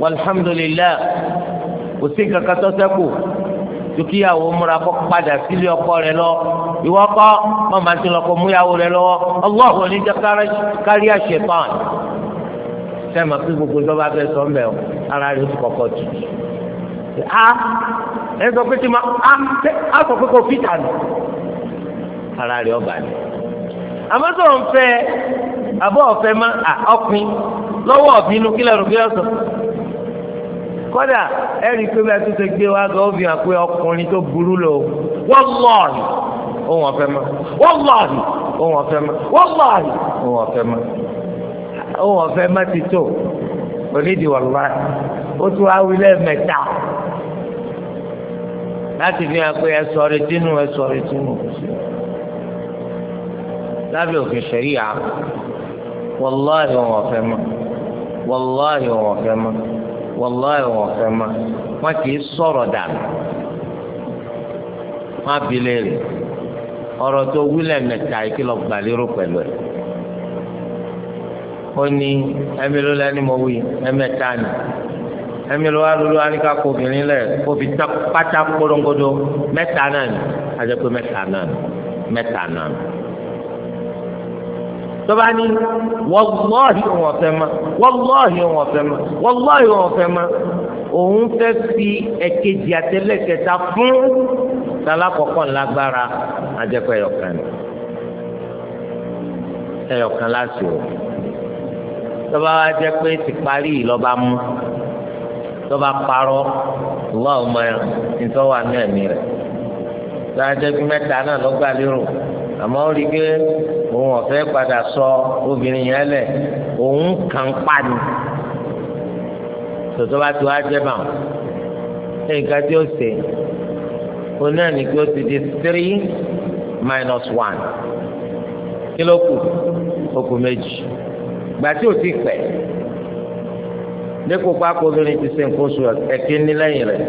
walhamdulilayi kò sí nǹkan kan tó ṣẹ́kù dúkìyàwó múra kó padà sílé ọkọ rẹ̀ lọ ìwọ kọ mọ màá ti lọ kó múyàwó rẹ̀ lọ́wọ́ ọlọ́hùn oníjẹ kárí àṣetán sẹ́mi pé gbogbo ìjọba fẹ́ sọ mbẹ́ o ara rẹ̀ ti kọ̀kọ́ tù a ẹ sọ pé tí ma a ṣe a sọ pé kò fìtà nù ara rẹ̀ ọba ni àmọ́ sọ̀ ń ọ̀fẹ́ má ọ̀pin lọ́wọ́ ọ̀bínú kílẹ̀ rògbé ọ̀sán kọ́dà ẹ̀rí pé bẹ́ẹ̀ tó ṣe gbé wá gan ó fi hàn pé ọkùnrin tó burú lò wallahi òun ọ̀fẹ́ mọ́ wallahi òun ọ̀fẹ́ mọ́ wallahi òun ọ̀fẹ́ mọ́ òun ọ̀fẹ́ mọ́ ti tó onídìí wallahi ó tún wá wílẹ̀ mẹ́ta láti fi hàn pé ẹsọ rẹ dínú ẹsọ rẹ dínú lábẹ́ òfin ṣẹ̀ríyà wallahi òun ọ̀fẹ́ mọ́ wallahi òun ọ̀fẹ́ mọ́ wàláì wọn fẹ́ ma wọn kì í sọ̀rọ̀ dànù wọn abilé rè ọ̀rọ̀ tó wílẹ̀ mẹ́ta yìí kí lọ gbà lérò pẹ̀lú ẹ̀ ó ní ẹ̀mí ló lẹ́ni mo wí ẹ̀mẹ́ta ni ẹ̀mí ló wá lulú aníkà kó obìnrin lẹ̀ kó fi pátá kpọ́dọ́gbọ́dọ́ mẹ́ta náà ni àjẹpẹ́ mẹ́ta náà ni mẹ́ta náà ni tọ́ba ní wọ́lọ́ọ̀hì òun ọ̀fẹ́ ma wọ́lọ́ọ̀hì òun ọ̀fẹ́ ma wọ́lọ́ọ̀hì òun ọ̀fẹ́ ma òun fẹ́ fi ẹ̀kejì àtẹlẹ́kẹta fún talakọ̀kọ́ ńlágbára àjẹpọ̀ ẹ̀yọ̀kan ni ẹ̀yọ̀kan láti o tọ́ba wa jẹ́ pé ti parí ìlọ́ba mú tọ́ba parọ́ ìwà ọmọ ẹ̀ ń tọ́wà náà ní rẹ̀ tọ́ba jẹ́ pé mẹ́ta náà lọ́gbà àmọ́ ó rí i pé òun ọ̀fẹ́ padà sọ obìnrin yẹn lẹ̀ òun kàn pa ni tòtò bá ti wá jẹ́ bá wọn nǹkan tí ó ṣe òun náà ní kí ó ti di three minus one kí ló kù ó kù méjì gbà tí ò ti pẹ́ dípò pákó obìnrin ti ṣe nǹkan oṣù ẹ̀kíní lẹ́yìn rẹ̀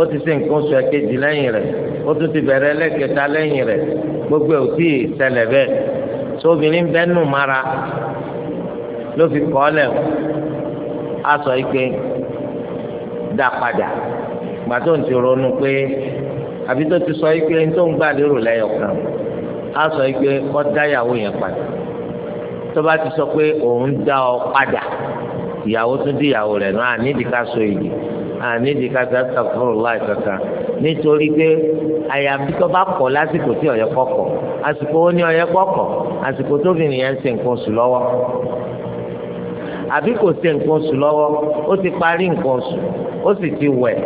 ó ti ṣe nǹkan oṣù ẹ̀kejì lẹ́yìn rẹ̀ ó tún ti bẹ̀rẹ̀ ẹlẹ́kẹta lẹ́yìn rẹ̀ gbogbo ẹ̀ ò tí ì ṣẹlẹ̀ bẹ́ẹ̀ tó obìnrin mara ló fi kọ́ lẹ̀ o a sọ yìí pé dá padà gbàtó ń ti ronú pé àbí tó ti sọ yìí pé tó ń gbàdúrò lẹ́yọ̀kan a sọ yìí pé kọ́ dá ìyàwó yẹn padà tó bá ti sọ pé òun dá ọ padà ìyàwó tún dí ìyàwó rẹ̀ náà nídìí ká so èyí àníbi kàtà sàfúrò láì kankan nítorí pé àyàfi tó bá kọ̀ lásìkò tí ọ̀yẹ́ kọ̀kọ̀ àsìkò ó ní ọ̀yẹ́ kọ̀kọ̀ àsìkò tóbìnrin yẹn ń ṣe nǹkan oṣù lọ́wọ́ àbí kò se nǹkan oṣù lọ́wọ́ ó ti parí nǹkan oṣù ó sì ti wẹ̀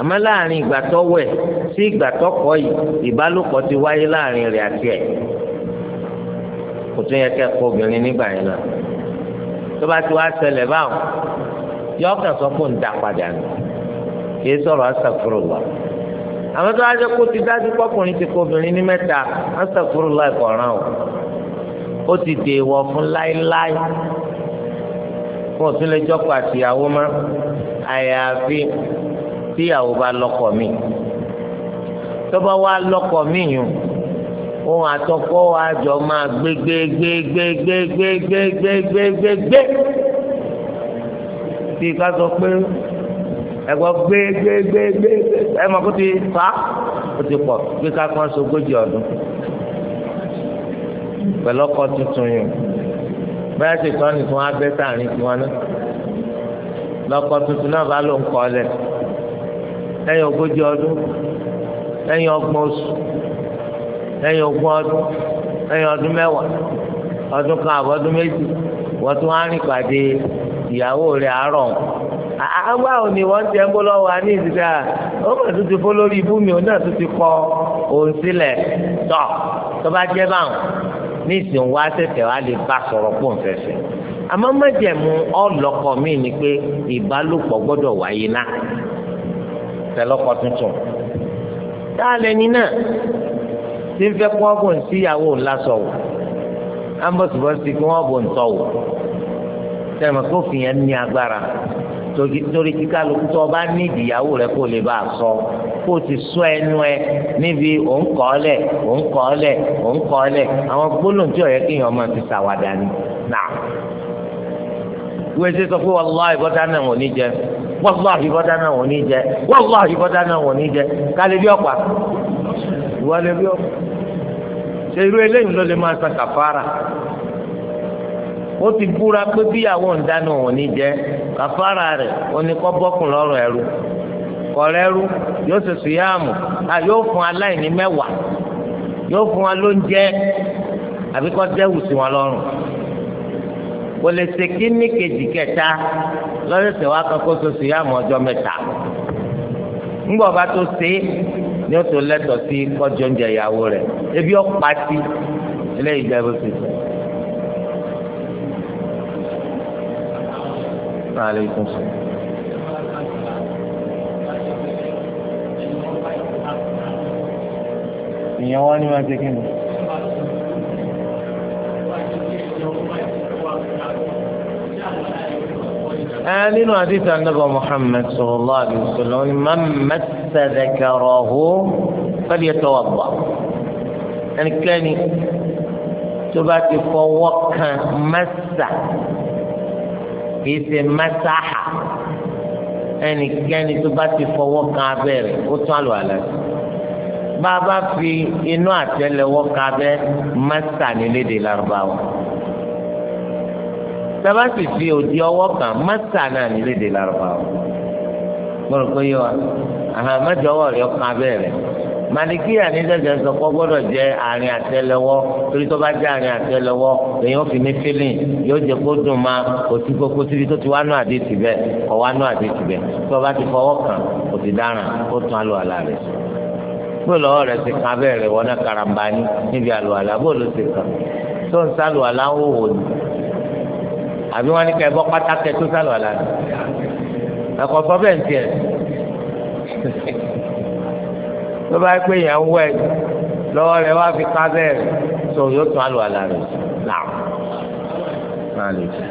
àmọ́ láàrin ìgbà tó wẹ̀ sí ìgbà tó kọ̀ yìí ìbálòpọ̀ ti wáyé láàrin rẹ̀ àti ẹ̀ kò tún yẹ kẹ́kọ̀ọ́ obìnrin nígbà yẹn náà tó bá ti wá ṣẹlẹ̀ báwọn yọ ọkàn sọ fún un dá padà nù kìí sọ̀rọ̀ asàfurùlà àwọn tó wájú kó ti dájú pọkùnrin ti kó obìnrin ní mẹ́ta asàfurùlà ìkọ̀ràn o ó ti dèèwọ̀ fún láéláé fún òtún lè jọkọ àtìyàwó má àyàfi tíyàwó bá lọ́kọ mi tó bá wá lọ́kọ mi yùn ohun àtọkọ wa jọ máa gbé gbé gbé gbé gbé gbé gbé gbé gbé gbé gbé bí ká sọ pé ẹgbọ́ gbé gbé gbé gbé ẹ mọ̀ kó ti fa kó ti pọ̀ gbé kakọ́ sógójì ọdún pẹ̀lú ọkọ̀ tuntun yìí bẹ́ẹ̀ sì tọ́ nìkan abẹ́ sàárín tiwọn náà lọ́kọ̀ tuntun náà bá ló ń kọ́ lẹ̀ lẹ́yìn ogójì ọdún lẹ́yìn ọgbọ̀n oṣù lẹ́yìn ogún ọdún lẹ́yìn ọdún mẹ́wàá ọdún kan àbọ̀dún méjì wọ́n tún á rìn pàdé ìyàwó rẹ̀ àárọ̀ ọ̀hún àwọn àwọn ni wọ́n ti ẹ̀ ń bó lọ́wọ́ wa ní ìsìkà ó mà tún ti fọ́ lórí ibú mi òun náà tún ti kọ òun sílẹ̀ tọ̀ tó bá jẹ́ báwọn ní ìsìn wa tẹ̀tẹ̀ wa lè bá sọ̀rọ̀ pọ̀ nfẹ̀fẹ̀ àmọ́ mẹ́jẹ̀mú ọlọ́kọ̀ mi ni pé ìbálòpọ̀ gbọ́dọ̀ wáyé ná tẹ̀lọ́kọ̀ tuntun táàlẹ́ ni náà tí ń fẹ́ kó ọ̀bùn síyàwó ńlá sọ̀wọ́ ambọ̀sibọ̀sì kí wọ́n ọ̀bùn tọ̀wọ́ tẹ̀mọ̀ kófin yẹn ní agbára torí kí kálukú tó o bá ní ìdìyàwó rẹ kó o lè bá a sọ kó o ti sọ ẹnu ẹ níbi òun kọ́ ọ lẹ̀ òun kọ́ ọ lẹ̀ òun kọ́ ọ lẹ̀ àwọn gbólóhùn tí ó yẹ kí èèyàn máa fi ṣàwàdà ni náà wíwèsí sọ pé wàláhì bọ́dá náà wọ́n ní jẹ wàláhì bọ́dá náà wọ́n ní jẹ wàláhì bọ́dá náà wọ́n ní jẹ kálí bí ọ̀pá ìwọlé bí ọ̀pá ṣe irú eléyìí ló lè máa san kàfàrà ó ti búra pé bíyàwó ń dáná òun ní jẹ kàfàrà rẹ̀ oníkọ́ bọ́kùn lọ́rùn ẹrú kọ̀rẹ́rú yóò ṣe sùyàmù a yóò fún aláìní mẹ́wàá yóò fún wa lóúnjẹ àbí kọ́ dẹ́wù sí wọn lọ́rùn kò lè ṣe kíní kejì kẹta lọ́sẹ̀sẹ̀ wa kan kó ọjọ́ mẹ́ta bá tó ni ó tó lẹ́tọ̀ọ́ sí kọ́jọ́ oúnjẹ ìyàwó rẹ̀ ebi ọ̀pá ti عليكم السلام يواني ما تكينه آلين وحديث عن نبو محمد صلى الله عليه وسلم من مس ذكره فليتوضع يعني كان تباك فوق مسح kìí ṣe mẹsàáhà ẹnikẹ́ni tó bá ti fọwọ́ kan abẹ́rẹ́ ó tún àlọ́ àlẹ́ bàbá fi inú àtẹ́lẹwọ́ kan abẹ́ mẹsà nílédè lárúbáwá bàbá sì fi òdi ọwọ́ kan mẹsà náà nílédè lárúbáwá mo rò pé yọ àhàn mẹjọ ọwọ́ rẹ ọkàn abẹ́rẹ́ màlìkíyà ní sẹsẹ sọpọ gbọ́dọ̀ jẹ àárín àtẹ́lẹwọ́ torí tó bá jẹ àárín àtẹ́lẹwọ́ èèyàn fi ní fílìn yóò jẹ kó dùn máa òsì kókó síbi tó ti wá nù àdé tìbẹ kọ wá nù àdé tìbẹ tó bá ti fọwọ́ kàn kò ti dáràn ó tún alò àlà rẹ bó lọ́wọ́ rẹ ti kan abẹ́rẹ́ rẹ wọ́n náà karamba ní níbi alò àlà bó ló ti kàn tó ń sálò àlà ń wò wò ní àbí wọn ní ká ẹbọ pátákẹ tó sálò àlà ní ẹkọ sọ bẹ́ẹ̀ ń tiẹ̀ tó bá pé yẹn ń wẹ̀ lọ́wọ́ rẹ̀ wá fi ká bẹ́ẹ̀ tó yóò tún àlọ́ àlà rẹ̀ náà má lè fi.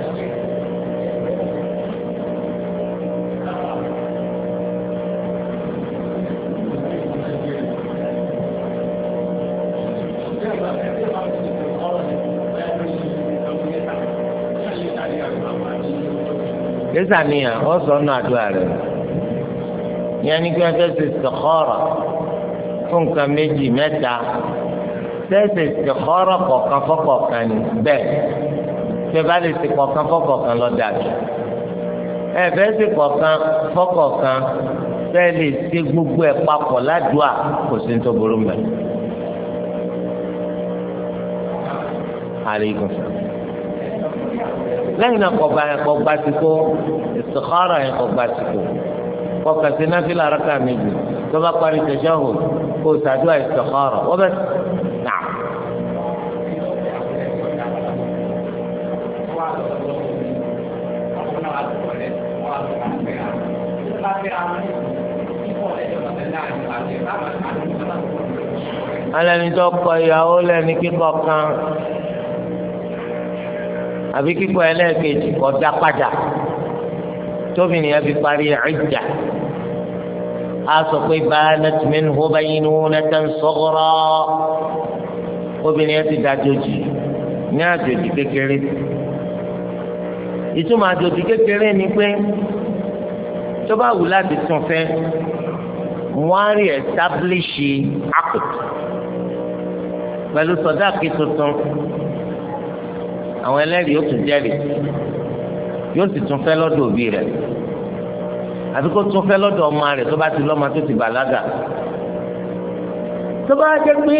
lẹ́sà nìyà ó sọ ọ́nà àdúrà yẹn ni kí wọ́n fẹ́ ṣe sọ̀kọ́rọ̀ fún nǹkan méjì mẹ́ta tẹ́sí ti kọ́rọ̀ kọ̀ọ̀kan fọ́kọ̀ọ̀kan ni bẹ́ẹ̀ tẹ́ bá lè ti kọ̀ọ̀kan fọ́kọ̀ọ̀kan lọ dàbí ẹ̀fẹ́ ti kọ̀ọ̀kan fọ́kọ̀ọ̀kan tẹ́ lè ti gbogbo ẹ̀ papọ̀ ládùúà kò sí ní tó burú mẹ́. àríkùn lẹ́yìn náà kọ̀ọ̀kan kọ̀ọ̀kan ti kó ìsìkọ́rọ̀ yẹn kọ̀ọ̀kan ti kó kọ̀ọ̀kan ti náà fi làrákà méjì tọ́ba parí tashahhud kó sàdúrà istikhara wọ́n bẹ̀ nà. alẹ́ni tó kọ ìyàwó lẹ́ni kíkọ kan àbí kíkọ ẹlẹ́ẹ̀kejì kọjá padà tóbi nìyẹn fi parí iddah a sọ pé banat minhu baynunatan saghra obìnrin yẹn ti da àjòjì ní àjòjì kékeré ìtumọ̀ àjòjì kékeré ni pé tó bá wù láti tún fẹ́ wọ́n á rí ẹ̀stábílíṣì akut pẹ̀lú sọ̀dáàkì tuntun àwọn ẹlẹ́rìí yóò tún jẹ́rìí yóò sì tún fẹ́ lọ́dọ̀ òbí rẹ̀ àti kó tún fẹ́ lọ́dọ̀ ọmọ rẹ̀ tó bá ti lọ́mọ tó ti bàlágà tó bá jẹ́ pé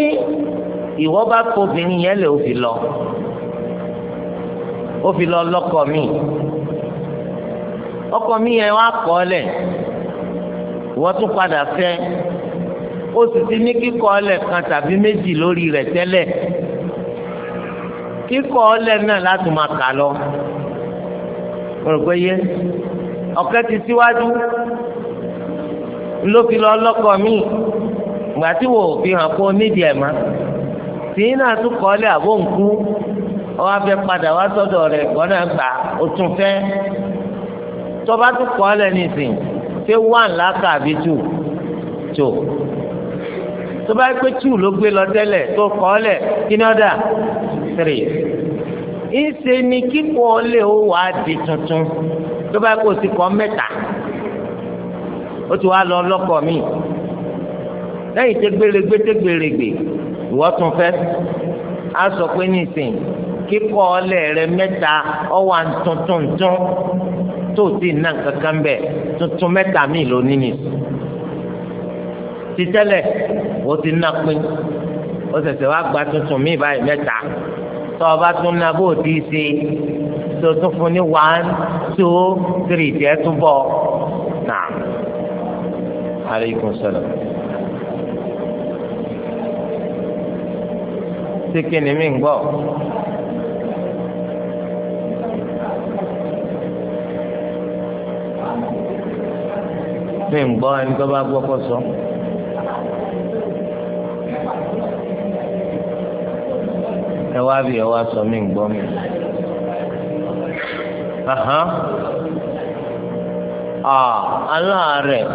ìwọ bá kóbìnrin yẹn lè òfin lọ òfin lọ lọ́kọ mi ọkọ mi yẹn wá kọ́ lẹ̀ ìwọ tún padà fẹ́ ó sì ti ní kíkọ́ ọlẹ̀ kan tàbí méjì lórí rẹ̀ tẹ́lẹ̀ kíkọ́ ọlẹ̀ náà láti máa kà lọ. mo rò pé yé ọ̀kẹ́ ti síwájú ló fi lọ mi gbà tí wò fi hàn kó nídìí ẹ̀ má tí náà tún kọ́lé àbóǹkú ọwọ́ afẹ́ padà wá sọ́dọ̀ rẹ̀ gbà ó tún fẹ́ tọ́ba tún kọ́lé nísìn ṣé wàn àbí tù wà á di tó bá kó sí kọ́ mẹ́ta ó ti wá lọ lọ́kọ̀ mi lẹ́yìn tẹ gbèrègbè tẹ gbèrègbè ìwọ́ tún fẹ́ á sọ pé nísìnyí kíkọ́ ọlẹ́ rẹ mẹ́ta ọwọ́ à ń tún tún tún tó ti nà kankan bẹ̀ tuntun mẹ́ta mi ló ní nìyí titẹ́lẹ̀ o ti na pin o ṣẹ̀ṣẹ̀ wá gba tuntun mi báyìí mẹ́ta tọ́ ọ bá tún na bó o ti ṣe tó tún fún ní one two three tẹ́ tún bọ̀ náà. aleykum salaam. ṣé kí ni mí ń gbọ́? mi ń gbọ́ ẹni tó bá gbọ́ kó sọ. ẹ wá bí ẹ wá sọ mi gbọ́ mi aláàárẹ̀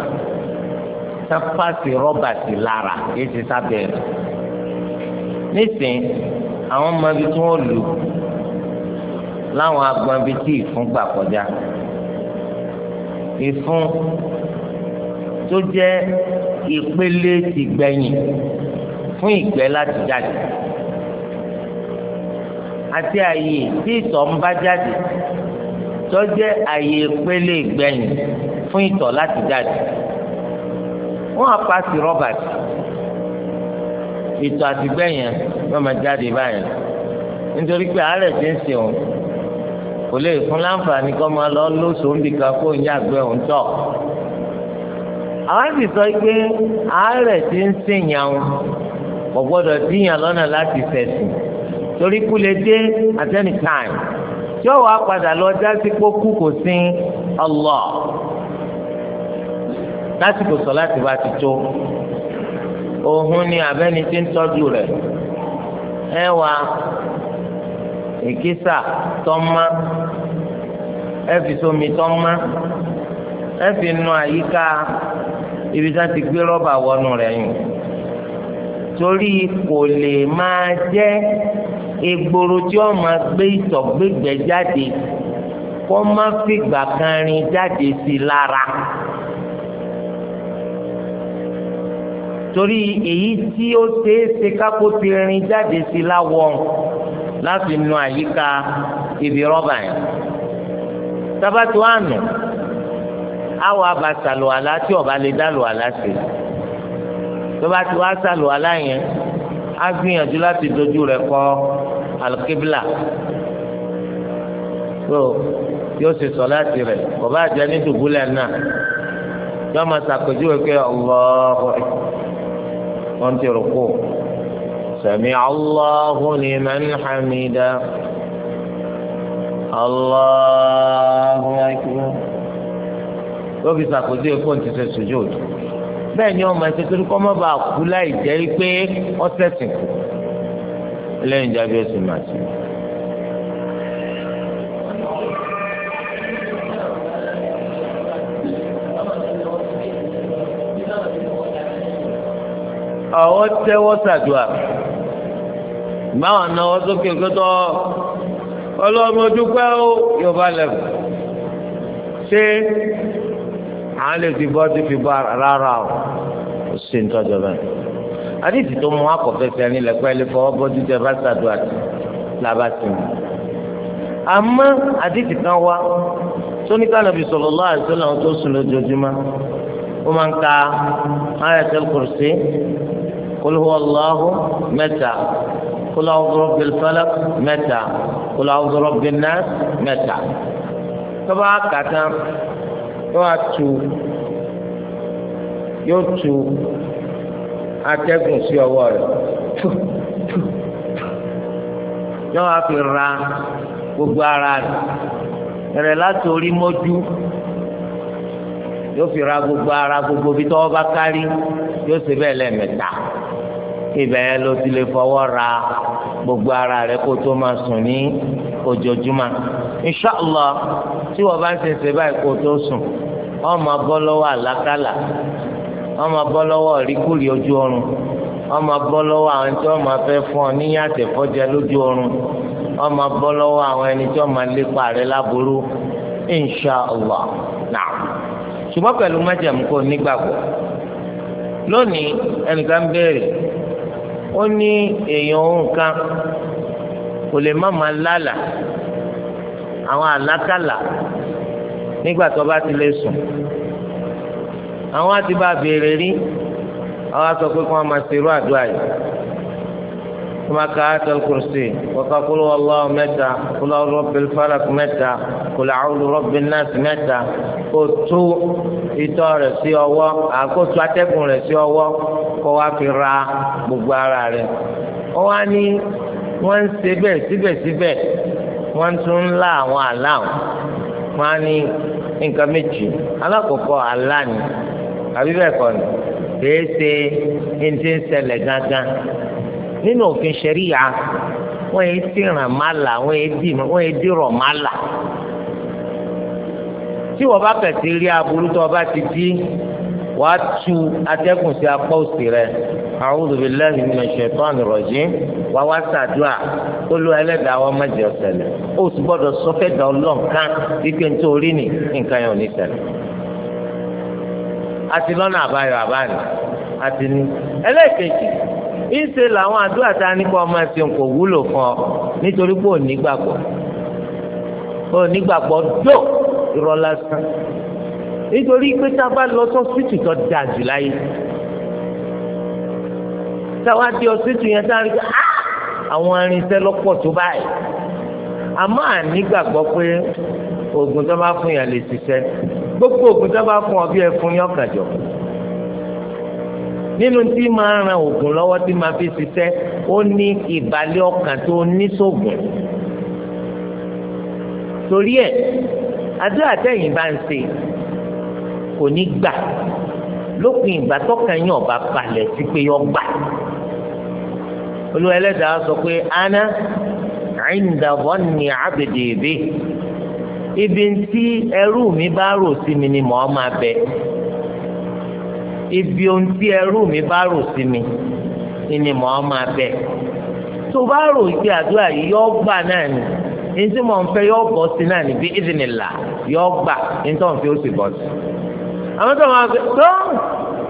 sápáàsì rọ́bà sí lára yìí ti sábẹ́ rẹ̀ nísìnyí àwọn ọmọ ibi tí wọ́n lù láwọn agbọn ibi tí ìfun gbà kọjá ìfun tó jẹ́ ìpele ti gbẹ̀yìn fún ìgbẹ́ láti jáde àti àyè tí ìtọ̀ ń bá jáde tó jẹ́ àyè ìpele ìgbẹ̀yìn fún ìtọ̀ láti jáde wọ́n á paasi rọ́bà tì ìtọ̀ àtìgbẹ̀yìn yóò máa jáde báyìí nítorí pé àárẹ̀ ti ń sìn òun kò lè fún láǹfààní kọ́ máa lọ lóṣù nbìkan kó ń yàgbẹ́ òun tọ̀ àwọn sì sọ pé àárẹ̀ ti ń sìn yàn kò gbọ́dọ̀ díyàn lọ́nà láti fẹ̀sìn torí kú lè dé at any time tí ó wàá padà lọ jásí pé kú kò sí Allah lásìkò sọ láti bá ti tó òhun ni abẹ́ni tí ń tọ́jú rẹ̀ ẹ wá èkísà tọ́mọ́ ẹ fi sómi tọ́mọ́ ẹ fi nu àyíká ibi tí wọ́n ti gbé rọ́bà wọnú rẹ̀ yìí torí kò lè máa jẹ́ egboro tí ó máa gbé ìtọ̀ gbégbẹ́ jáde kó má fìgbà kan rin jáde sí i lára. torí èyí tí ó ṣeé ṣe kápó ti rin jáde sí i láwọ̀ láti nu àyíká ibi rọ́bà yẹn. sábàtú àná àwọn abàtà lùwàlá tí ọba lè dá lùwàlá sí tó bá ti wá yẹn á gbìyànjú láti dojú rẹ̀ kọ alikibla so yóò ṣe sọláàtì rẹ̀ bàbá àjẹ ní dùbúlẹ̀ náà yóò máa ṣàpèjúwe pé ọlọ́ọ̀hún wọ́n ti rò kó sami Allahu liman hamida Allahu yóò fi ṣàpèjúwe pé òun ti ṣe sùjúdù bẹ́ẹ̀ ni wọ́n máa ṣe torí kọ́ mọ́ bá kú láì jẹ́ pé ọ́ sẹ̀sìn kù lẹ́yìn jábí ẹ̀sìn máa ti. àwọn tẹ́wọ́ sàdúà báwọn náwó sókè kótó ọlọ́mọ dúpẹ́ ó yorùbá lẹ́fù ṣé àwọn lè fi bọ́ ti fi bọ́ rárá o ó ń tọ́jú bẹ́ẹ̀ àdìsí tó mú akọ̀fẹ́fẹ́ ní lẹ́kọ́ ẹ̀ lè fọwọ́ bọ́jú tẹ bá ṣàdúrà làbàtì àmọ́ àdìsí kan wá sóníkà nàbì sallallahu alaihi wasallam tó sùn lójoojúmọ́ ó máa ń ka ayatul kursi qul huwallahu mẹ́ta qul a'udhu birabbil falaq mẹ́ta qul nas mẹ́ta tọ́ba kàtà yóò tu yóò tu atẹ́gùn sí ọwọ́ rẹ̀ yọ wá fi ra gbogbo ara rẹ̀ ẹ̀rẹ̀ láti orí mọ́jú yóò fi ra gbogbo ara gbogbo bí tọ́wọ́ bá kárí yóò ṣe bẹ́ẹ̀ lẹ́ẹ̀mẹ́ta ibẹ̀ yẹn ló ti lè fọwọ́ ra gbogbo ara rẹ̀ kó tó máa sùn ní ojoojúmọ́ inṣàlá tí wọ́n bá ń ṣe ṣe báyìí kó tó sùn ọmọ bọ́ lọ́wọ́ àlákàlà wọ́n máa bọ́ lọ́wọ́ ìríkùrì ojú oorun wọ́n máa bọ́ lọ́wọ́ àwọn tí wọ́n máa fẹ́ fún ọ níyàtẹ̀ fọ́jẹ lójú oorun wọ́n máa bọ́ lọ́wọ́ àwọn ẹni tí wọ́n máa lépa rẹ láburú insha allah naam ṣùgbọ́n pẹ̀lú májàmú kò nígbàgbọ́ lónìí ẹnìkan béèrè ó ní èèyàn òun kan kò lè má máa lálà àwọn àlákàlà nígbà tó bá ti lè sùn àwọn á ti bá a béèrè rí àwọn á sọ pé kí wọ́n máa ṣerú àdúrà yìí wọ́n máa ka àtàl kùrùsì wọ́n ká kúlù ọlọ́ mẹ́ta kúlù rọ́bì falak mẹ́ta kúlù àwọn rọ́bì nọ́ọ̀sì mẹ́ta kó tú itọ́ rẹ̀ sí ọwọ́ àkótú atẹ́kùn rẹ̀ sí ọwọ́ kó wá fi ra gbogbo ara rẹ̀ wọ́n wá ní wọ́n ń ṣe bẹ́ẹ̀ síbẹ̀síbẹ̀ wọ́n tún ń lá àwọn wọn á ní nǹkan méjì alákọ̀ọ́kọ́ ni àbí bẹ́ẹ̀ kọ́ ni kìí ṣe ní ti ń ṣẹlẹ̀ gángan nínú òfin ṣẹ̀ríyà wọ́n yé tìràn má là wọ́n yé dì wọ́n yé dìrọ̀ má là tí wọ́n bá kẹ̀sí rí aburú tó o bá ti dí wàá tu atẹ́kùn sí apá òsì rẹ̀ a'udhu billahi minash shaitani rajim wàá wá sàdúà tó ló ẹlẹ́dàá wọn mẹ́jọ ṣẹlẹ̀ ó sì gbọ́dọ̀ sọ fẹ́ wípé nítorí ni nǹkan yẹn ò ní ṣẹlẹ̀ àti lọ́nà àbáyọ àbáni àti ní. ẹlẹ́ẹ̀kejì ìṣe làwọn àdúrà tá a ní kó ọmọ ẹ̀sìn kò wúlò fún ọ nítorí pé ò nígbàgbọ́ ò nígbàgbọ́ dò irọ́ lásán nítorí pé tá a bá lọ sọ́sítì tó dáa jù láyé táwa di ọsítì yẹn tá a rí àwọn arinṣẹ́ lọ́pọ̀ tó báyìí àmọ́ ànígbàgbọ́ pé oògùn tó bá fún yàn lè ṣiṣẹ́ gbogbo oògùn tó bá fún ọ bí ẹfun yàn kàjọ nínú tí máa ran oògùn lọ́wọ́ tí máa fi ṣiṣẹ́ ó ní ìbàlẹ̀ ọkàn tó níṣògùn torí ẹ̀ àdúrà tẹ̀yìn bá ń ṣe kò ní gbà lópin ìgbà tọkàn yín ọba balẹ̀ sí pé yọ gbà olú ẹlẹ́dàá sọ pé ana 'inda dhanni 'abdi bi. ibi tí ẹrú mi bá rò sí mi ni bẹ ibi ẹrú mi bá rò sí mi ni màá máa bẹ tó bá rò ìpè àdúrà yìí yọ gbà náà ni ntí mo ń fẹ́ yọ bọ́ sí náà ní bí ìdìnnìlà yọ gbà ntí mo fi ó sì bọ́ sí. àwọn tó máa tó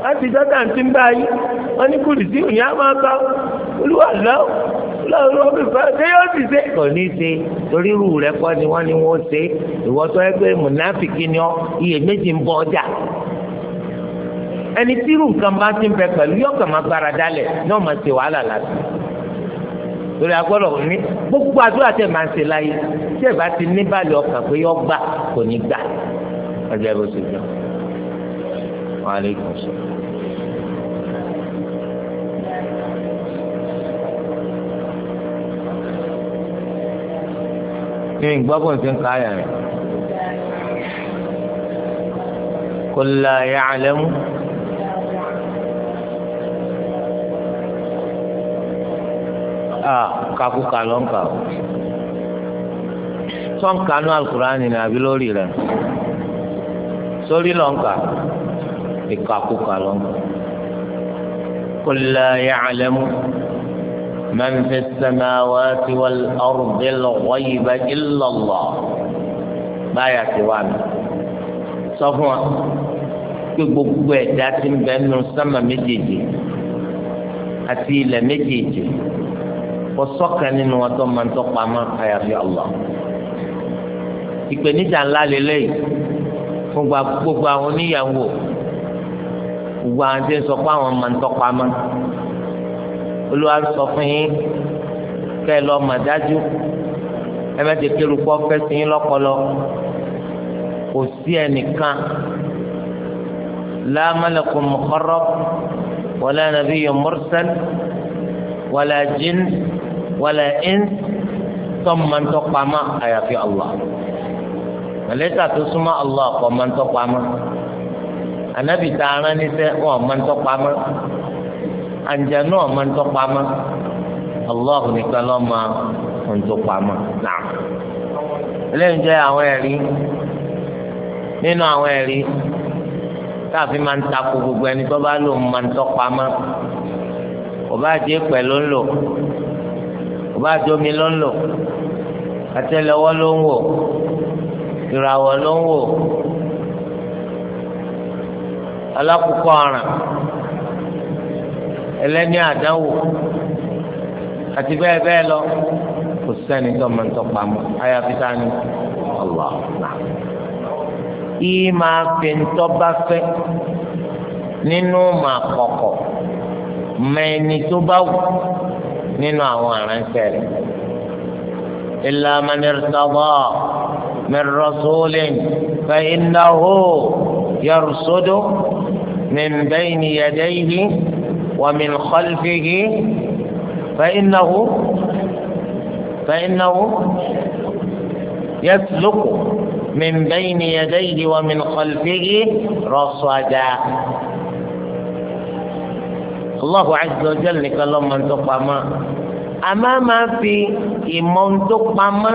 láti dọ́tà ń báyìí láwọn ọmọ ìfẹ́ ṣé yóò sì ṣe. kò ní ṣe torí irú rẹ̀ kọ́ ni wọ́n ní wọ́n ṣe ìwọ sọ ẹ pé mùnáfìkì ni ọ iyèméjì ń bọ ọjà ẹni tí irú nǹkan bá ti ń bẹ pẹ̀lú yọ̀ọ̀kan máa gbára dálẹ̀ náà máa ṣe wàhálà láti torí agbọ́dọ̀ ní gbogbo àdúrà tẹ̀ máa ń ṣe láyé tí ẹ̀ bá ti ní balẹ̀ ọkàn pé yọ gbà kò ní gbà ọjọ́ ìbùsùn jọ. wàhálà ìkànsọ́. ní ìgbọ́kùn ti ń ka àyà rẹ̀. قل لا يعلم آه كاكو كالون كاو sọ́n kanú alukurani ni àbí lórí rẹ̀ sórí lọ́nkà ìkàkùkà lọ́nkà kò lè yàlẹ́mú. من في السماوات والأرض الغيب إلا الله ما يتوان صفوا kí gbogbo ẹ̀dá tí ń bẹ nínú sámà méjèèjì àti ilẹ̀ méjèèjì kò sọ́kàn nínú wọn tó máa ń tọ́pa máa ń àyàfi Allah. ìpèníjà ńlá lélẹ́yìí fún gbogbo àwọn oníyàwó gbogbo àwọn tí ń sọ pé àwọn máa ń tọ́pa máa ń olúwa sọ fún yín kẹ́ ẹ lọ mà dájú ẹ má ti kéru kọ́ fẹ́sí yín lọ́kọlọ kò sí ẹnìkan la malakun muqarrab wala nabiyyun mursal wala jin wala ins tọ́mọ̀ntọ́ pamọ́ àyàfi Allah màlẹ́kà tó súnmọ́ Allah kọ́ mọ́ntọ́ pamọ́ ànábì tá a rán níṣẹ́ wọn mọ́ntọ́ pamọ́. Anja no máa ń tọ́pa allah nìkan ló máa ń tọ́pa mọ́ náà eléyìí jẹ́ àwọn ẹ̀rí nínú àwọn ẹ̀rí káàfin máa ń takò gbogbo ẹni tó bá lò máa ń tọ́pa mọ́ kò bá jẹ́ pẹ̀ ló ń lò kò bá jẹ́ omi ló ń lò àtẹ́lẹwọ́ ló ń wò ìràwọ̀ ló ẹlẹ́ni àdánwò àti bẹ́ẹ̀ bẹ́ẹ̀ lọ kò sẹ́ni tó máa ń tọpa mọ́ àyàfi ta ni Allah náà. yìí máa fi ń tọ́ba fẹ́ nínú màá kọ̀kọ̀ mọ ẹni tó bá wù nínú àwọn aránṣẹ́ rẹ̀. illa man irtada min rasulin fa innahu yarsudu min ومن خلفه فإنه فإنه يسلك من بين يديه ومن خلفه رصدا الله عز وجل كلام من تقامى àmọ́ máa fi ìmọ̀ tó pamọ́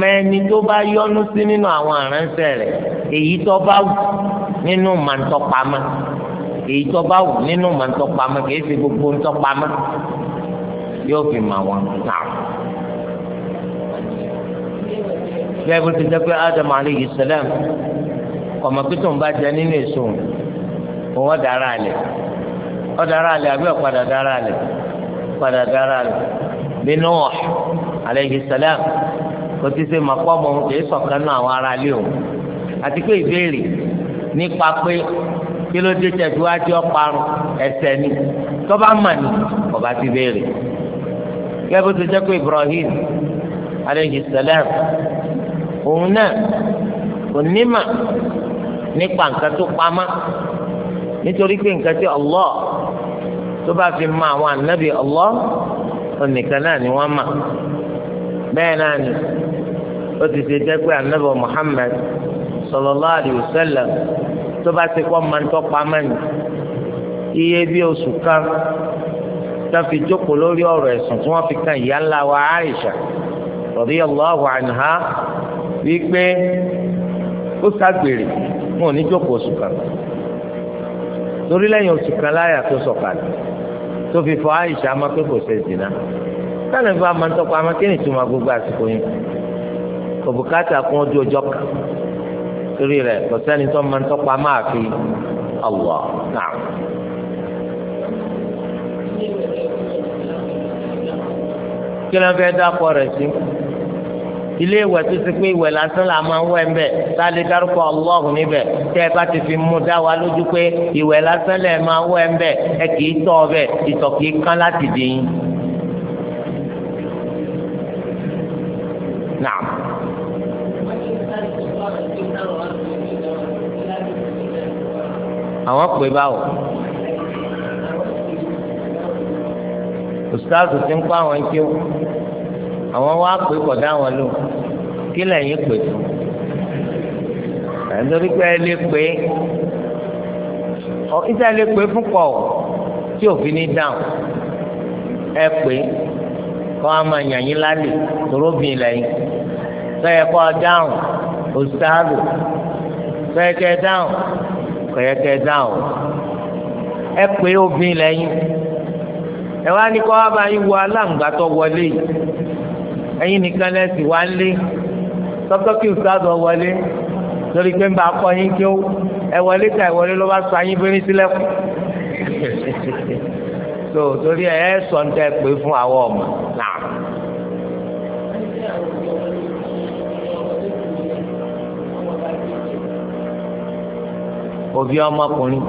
mẹ́ni tó bá yọ́nú sí nínú àwọn àránṣẹ́ rẹ̀ èyí tó bá wù nínú màá tó pamọ́ èyí tó bá wù nínú màá tó pamọ́ kìí ṣe gbogbo ń tó pamọ́ yóò fi mà wọn nà. bẹ́ẹ̀ bó ti jẹ́ pé Adam aleyhi salam ọmọ pété ń bá jẹ nínú èso òun ọ̀ dára alẹ̀ ọ̀ dára alẹ̀ àbí ọ̀padà dára alẹ̀ ọ̀padà dára alẹ̀ bínú ọ̀ aleyhi salam kò ti ṣe màkọ́ ọmọ òun kìí sọ̀kan náà àwọn ará ilé òun àti pé ìbéèrè nípa pé kí ló dé tẹ̀sí wá tí ó parun ẹsẹ̀ ni tọ́ba mà ní ọba ti béèrè. gẹ́gẹ́ bó ti jẹ́ pé Ibrahim aleyhi salam òun náà kò nímà nípa nǹkan tó pamọ́ nítorí pé nǹkan tí Allah tó bá fi mọ àwọn ànábì Allah onìkan náà ni wọ́n mà bẹ́ẹ̀ náà ni ó ti ṣe jẹ́ pé ànábì Muhammad sallallahu alaihi tó bá ti kọ́ máa ń tọ́pa mẹ́rin iye bí oṣù kan tó fi jókòó lórí ọ̀rọ̀ ẹ̀sùn tí wọ́n fi kan ìyá ńlá wa Aisha radiyallahu anha wípé ó ṣàgbèrè wọn ò ní jókòó oṣù kan torí lẹ́yìn oṣù kan láyà tó sọ̀kalẹ̀ tó fi fọ Aisha máa pé kò ṣe dìnnà káàní bá máa ń tọ́pa máa kí ni ìtumọ̀ gbogbo àsìkò yẹn kò bùkátà kún ojú ọjọ́ kan. torí rẹ̀ kò tó máa ń máa fi ọ̀wọ́ náà. kí ló ń fẹ́ dákọ̀ rẹ̀ sí ilé ìwẹ̀ tó ti pé ìwẹ̀ lásán là máa ń wẹ̀ ń bẹ̀ a lè dárúkọ ọlọ́ọ̀hún níbẹ̀ tẹ́ ẹ bá ti fi mú dá wa lójú pé ìwẹ̀ lásán lẹ̀ máa ń wẹ̀ ń bẹ̀ ẹ kì í àwọn pè báwò ustaazu ti ń kọ́ àwọn tí ó àwọn wá pè kọ̀dá àwọn lò kí lẹ́yìn pè fún nítorí pé ẹ lè pè ọ ìjà lè pè fún pọ̀ tí òfin ní dáhùn ẹ pè kọ́ a máa yàn yín lálẹ́ tóró bìn lẹ́yìn sọ yẹ kọ́ dáhùn ustaazu sọ yẹ kẹ́ dáhùn kẹ̀yẹ́kẹ́ dáhùn ẹ pé obìnrin lẹ́yìn ẹ wá ní kó wá bá yín wo aláǹgbá tó wọlé yìí ẹ̀yin nìkan lẹ́sìn wá ń lé tọ́tọ́ kí ìsáàdọ̀ wọlé lórí pé ń bá akọ yín kí ó ẹ wọlé ká ẹ wọlé ló bá sọ ayín bírín sílẹ̀kùn tó torí ẹ sọ ń tẹ pé fún àwọn ọmọ náà. òbí ọmọkùnrin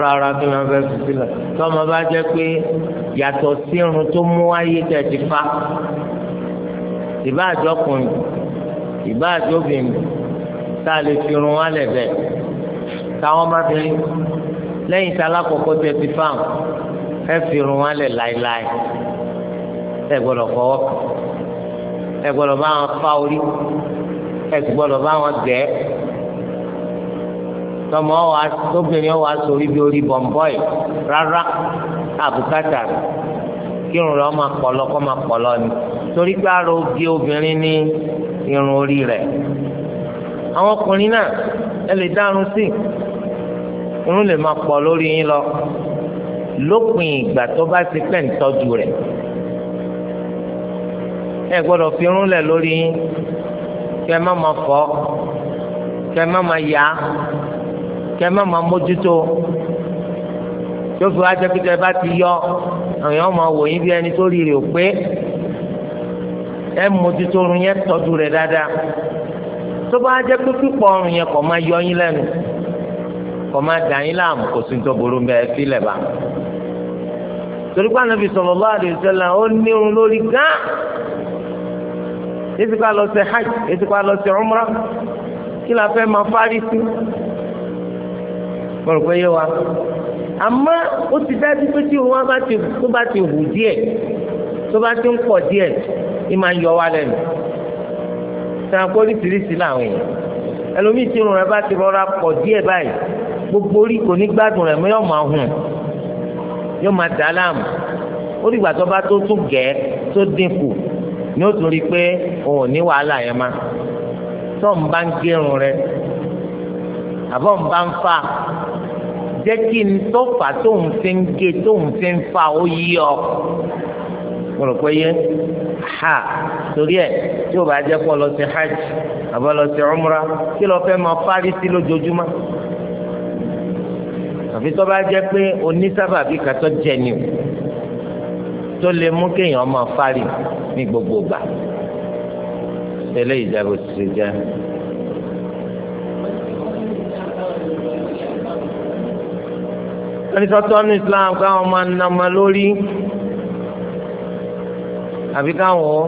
rárá kí wọn fẹ́ fi sílẹ̀ tọ́mọ bá jẹ́ pé yàtọ̀ sí irun tó mú ayé tẹ̀ ti fa ìbá àjọkùnrin ìbá àjọbìnrin tá a lè fi irun wá lẹ̀ bẹ́ẹ̀ táwọn bá fi lẹ́yìn tí alákọ̀ọ́kọ́ tẹ̀ ti fa ẹ fi irun wá lẹ̀ láéláé ẹ gbọ́dọ̀ fọwọ́ ẹ gbọ́dọ̀ bá wọn fa orí ẹsùn gbọ́dọ̀ bá wọn gẹ tọmọ wa tóbìnrin wa sórí bí orí bọmbọì rárá àbùkátà kírun rẹ̀ ọmọ akpọlọ kọ ọmọ akpọlọ ni torí pé ara oge obìnrin ní irun orí rẹ̀ àwọn ọkùnrin náà ẹ lè dárun sí irun lè máa pọ̀ lórí yín lọ lópin ìgbà tó bá ti pẹ́ ń tọ́jú rẹ̀ ẹ gbọ́dọ̀ fi irun lẹ̀ lórí yín kẹ má ma fọ kẹ má ma yá kẹ má ma mójútó tó fi wá jẹ́kítẹ́ bá ti yọ àwọn èèyàn máa wò yín bí ẹni tó rí rè ó pé ẹ mójútó orun yẹn tọ́jú rẹ̀ dáadáa tó bá jẹ́ pé pípọ̀ ọrùn yẹn kò máa yọ yín lẹ́nu kò máa dà yín láàmú kò sí tó burú bẹ́ẹ̀ sílẹ̀ bá torí pé Ànábì sallallahu alaihi wasallam ó nírun lórí gán èsì kó a lọ ṣe hajj èsì kó a lọ ṣe umra kí la fẹ́ máa fárí sí bọ̀rọ̀ pé yé wa àmọ́ ó ti dájú pé tí wọn bá ti tó bá ti hù díẹ̀ tó bá ti ń pọ̀ díẹ̀ ni máa ń yọ wá lẹ́nu sàn kó oríṣiríṣi làwọn èèyàn ẹlòmíì tí irun rẹ̀ bá ti rọra pọ̀ díẹ̀ báyìí gbogbo orí kò ní gbádùn rẹ̀ mọ́ yóò máa hùn yóò máa dà á ó dìgbà tó bá tó tún gẹ̀ẹ́ tó dínkù ni ó tún rí i pé òun ò ní wàhálà yẹn má tó ń bá ń gérun rẹ àbọ̀ ń bá ń fa jẹ́ kí n tó fà tó ń fi ń gé tó ń fi ń fa ó yí ọ mo rò pé yé ha torí ẹ tí o bá jẹ́ kó lọ sí hajj àbọ̀ lọ sí umra kí lọ fẹ́ máa parí lójoojúmọ́ àfi tó bá jẹ́ pé onísábàbí kàtọ́ jẹ ni o tó lè mú kéèyàn máa fárí ní gbogbo ìgbà eléyìí jẹ́ bó ti ṣe jẹ́. ẹni sọ́tọ́ ní Islam káwọn máa ń nàmọ lórí àbí káwọn